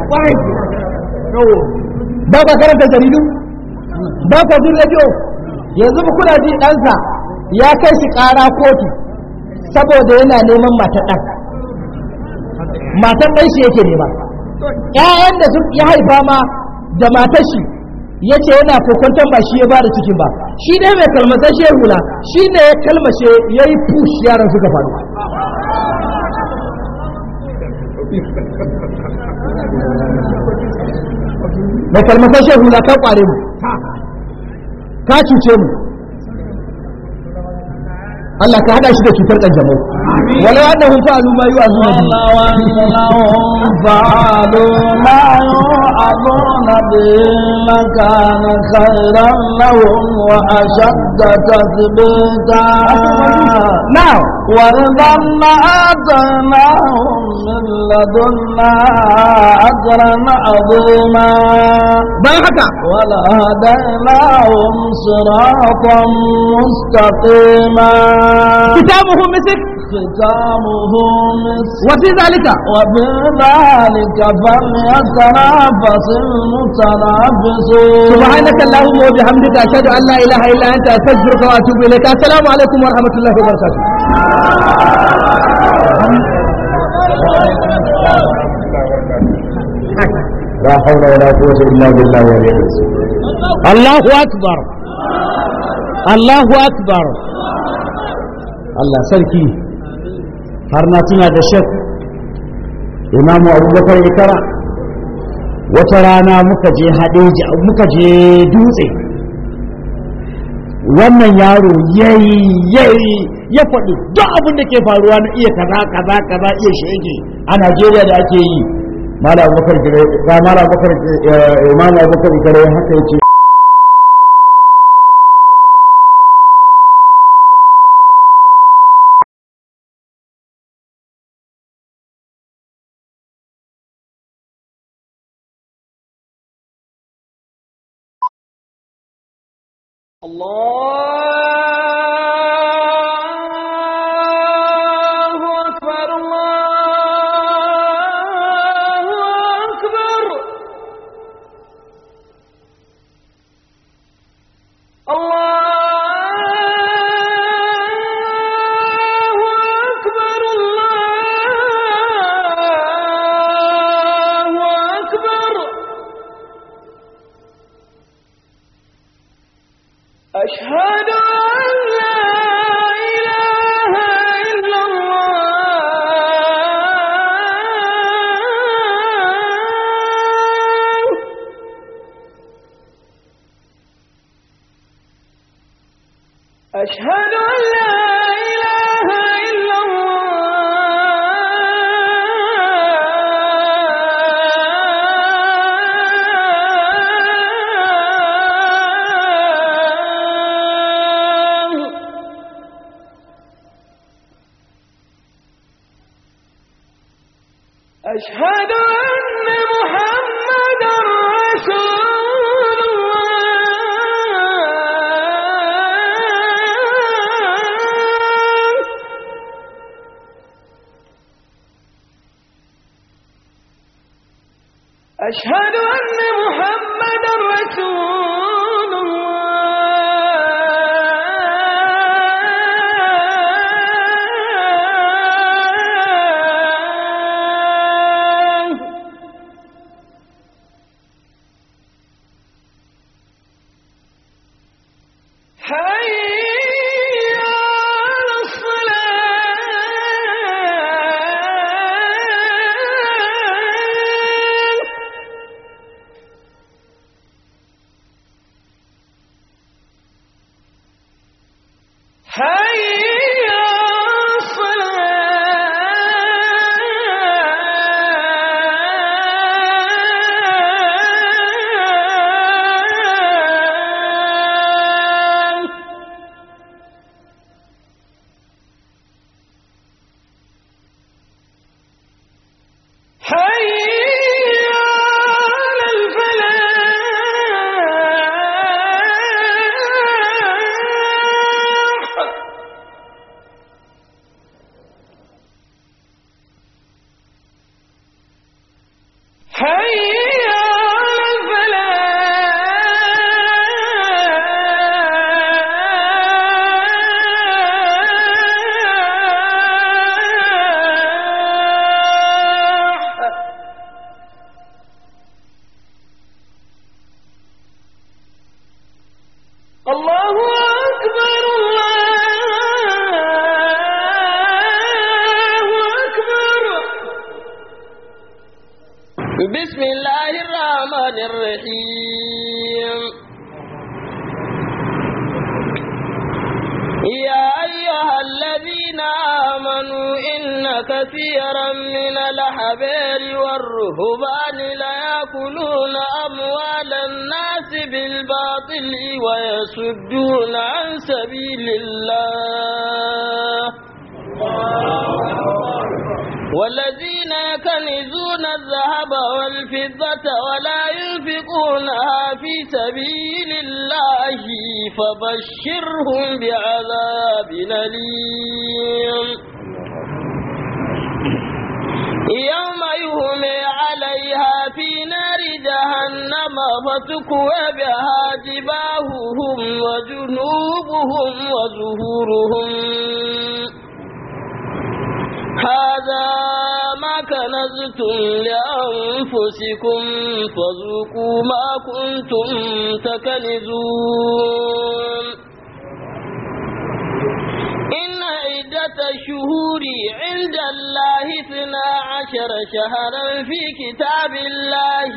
ba ka karanta jaridu ba ka jin radio yanzu ba kuna ji ɗansa ya kai shi ƙara kotu saboda yana neman mata ɗan matan ɗan shi yake nema ƴaƴan da ya haifa ma da matar shi ya ce yana kokwanton ba shi ya ba da cikin ba shi ne mai kalmasa shi ya hula shi ne ya kalmashe ya yi push yaran suka faru mai kalmasa shi ya hula kan kware mu ka cuce mu Allah ka hada shi da cutar kanjamau wala annahum fa'alu ma yu'azuna bi annahum fa'alu ma yu'azuna bi lakana khairan lahum wa ashadda tathbita now wa lamma atanahum min ladunna ajran azima bayan haka wala hadainahum siratan mustaqima ختامه مسك ختامه مسك وفي ذلك وفي ذلك فليتنافس المتنافسون سبحانك اللهم وبحمدك أشهد أن لا إله إلا أنت أستغفرك وأتوب إليك السلام عليكم ورحمة الله وبركاته لا حول ولا قوة إلا بالله الله أكبر الله أكبر Allah sarki har na tuna da shek imamu abubakar ikara wata rana muka je hadeji muka je dutse wannan yaro yayi yayi ya faɗi duk abin da ke faruwa na iya kaza kaza kaza iya shege a Najeriya da ake yi mala abubakar mala abubakar eh, mala abubakar ikare haka yace أشهد أن محمد رسول الله أشهد أخرجتم لأنفسكم فذوقوا ما كنتم تكنزون إن عدة الشهور عند الله اثنا عشر شهرا في كتاب الله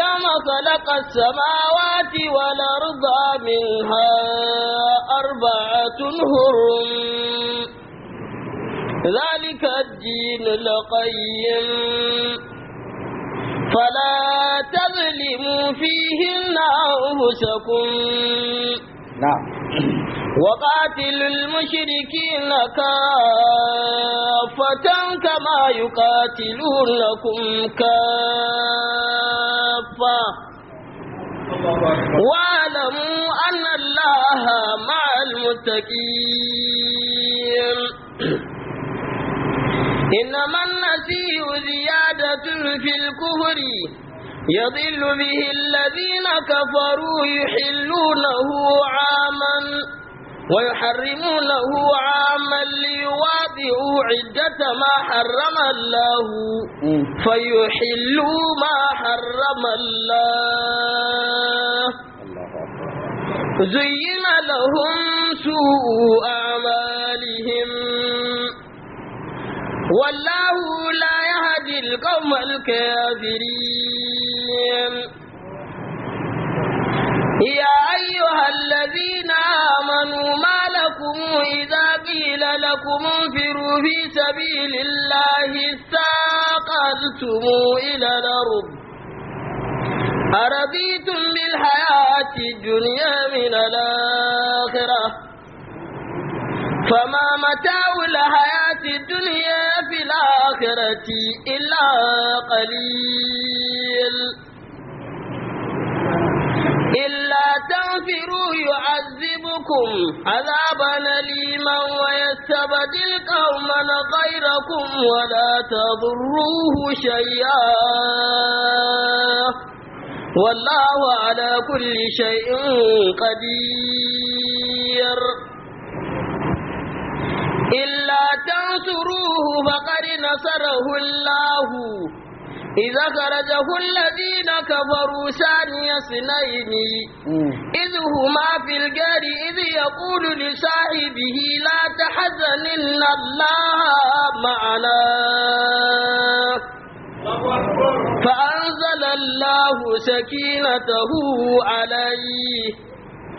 يوم خلق السماوات والأرض منها أربعة هرم ذلك الدين القيم فلا تظلموا فيهن أنفسكم نعم وقاتلوا المشركين كافة كما يقاتلونكم كافة واعلموا أن الله مع المتقين إنما النسيء زيادة في الكفر يضل به الذين كفروا يحلونه عاما ويحرمونه عاما ليواطئوا عدة ما حرم الله فيحلوا ما حرم الله زين لهم سوء أعمالهم والله لا يهدي القوم الكافرين يا أيها الذين آمنوا ما لكم إذا قيل لكم انفروا في سبيل الله استاقلتم إلى الأرض أرضيتم بالحياة الدنيا من الآخرة فما متاع الحياة الدنيا في الآخرة إلا قليل إلا تغفروا يعذبكم عذابا أليما ويستبدل قوما غيركم ولا تضروه شيئا والله على كل شيء قدير إلا تنصروه فقد نصره الله إذا خرجه الذين كفروا ثاني اثنين إذ هما في الجار إذ يقول لصاحبه لا تحزن إن الله معنا فأنزل الله سكينته عليه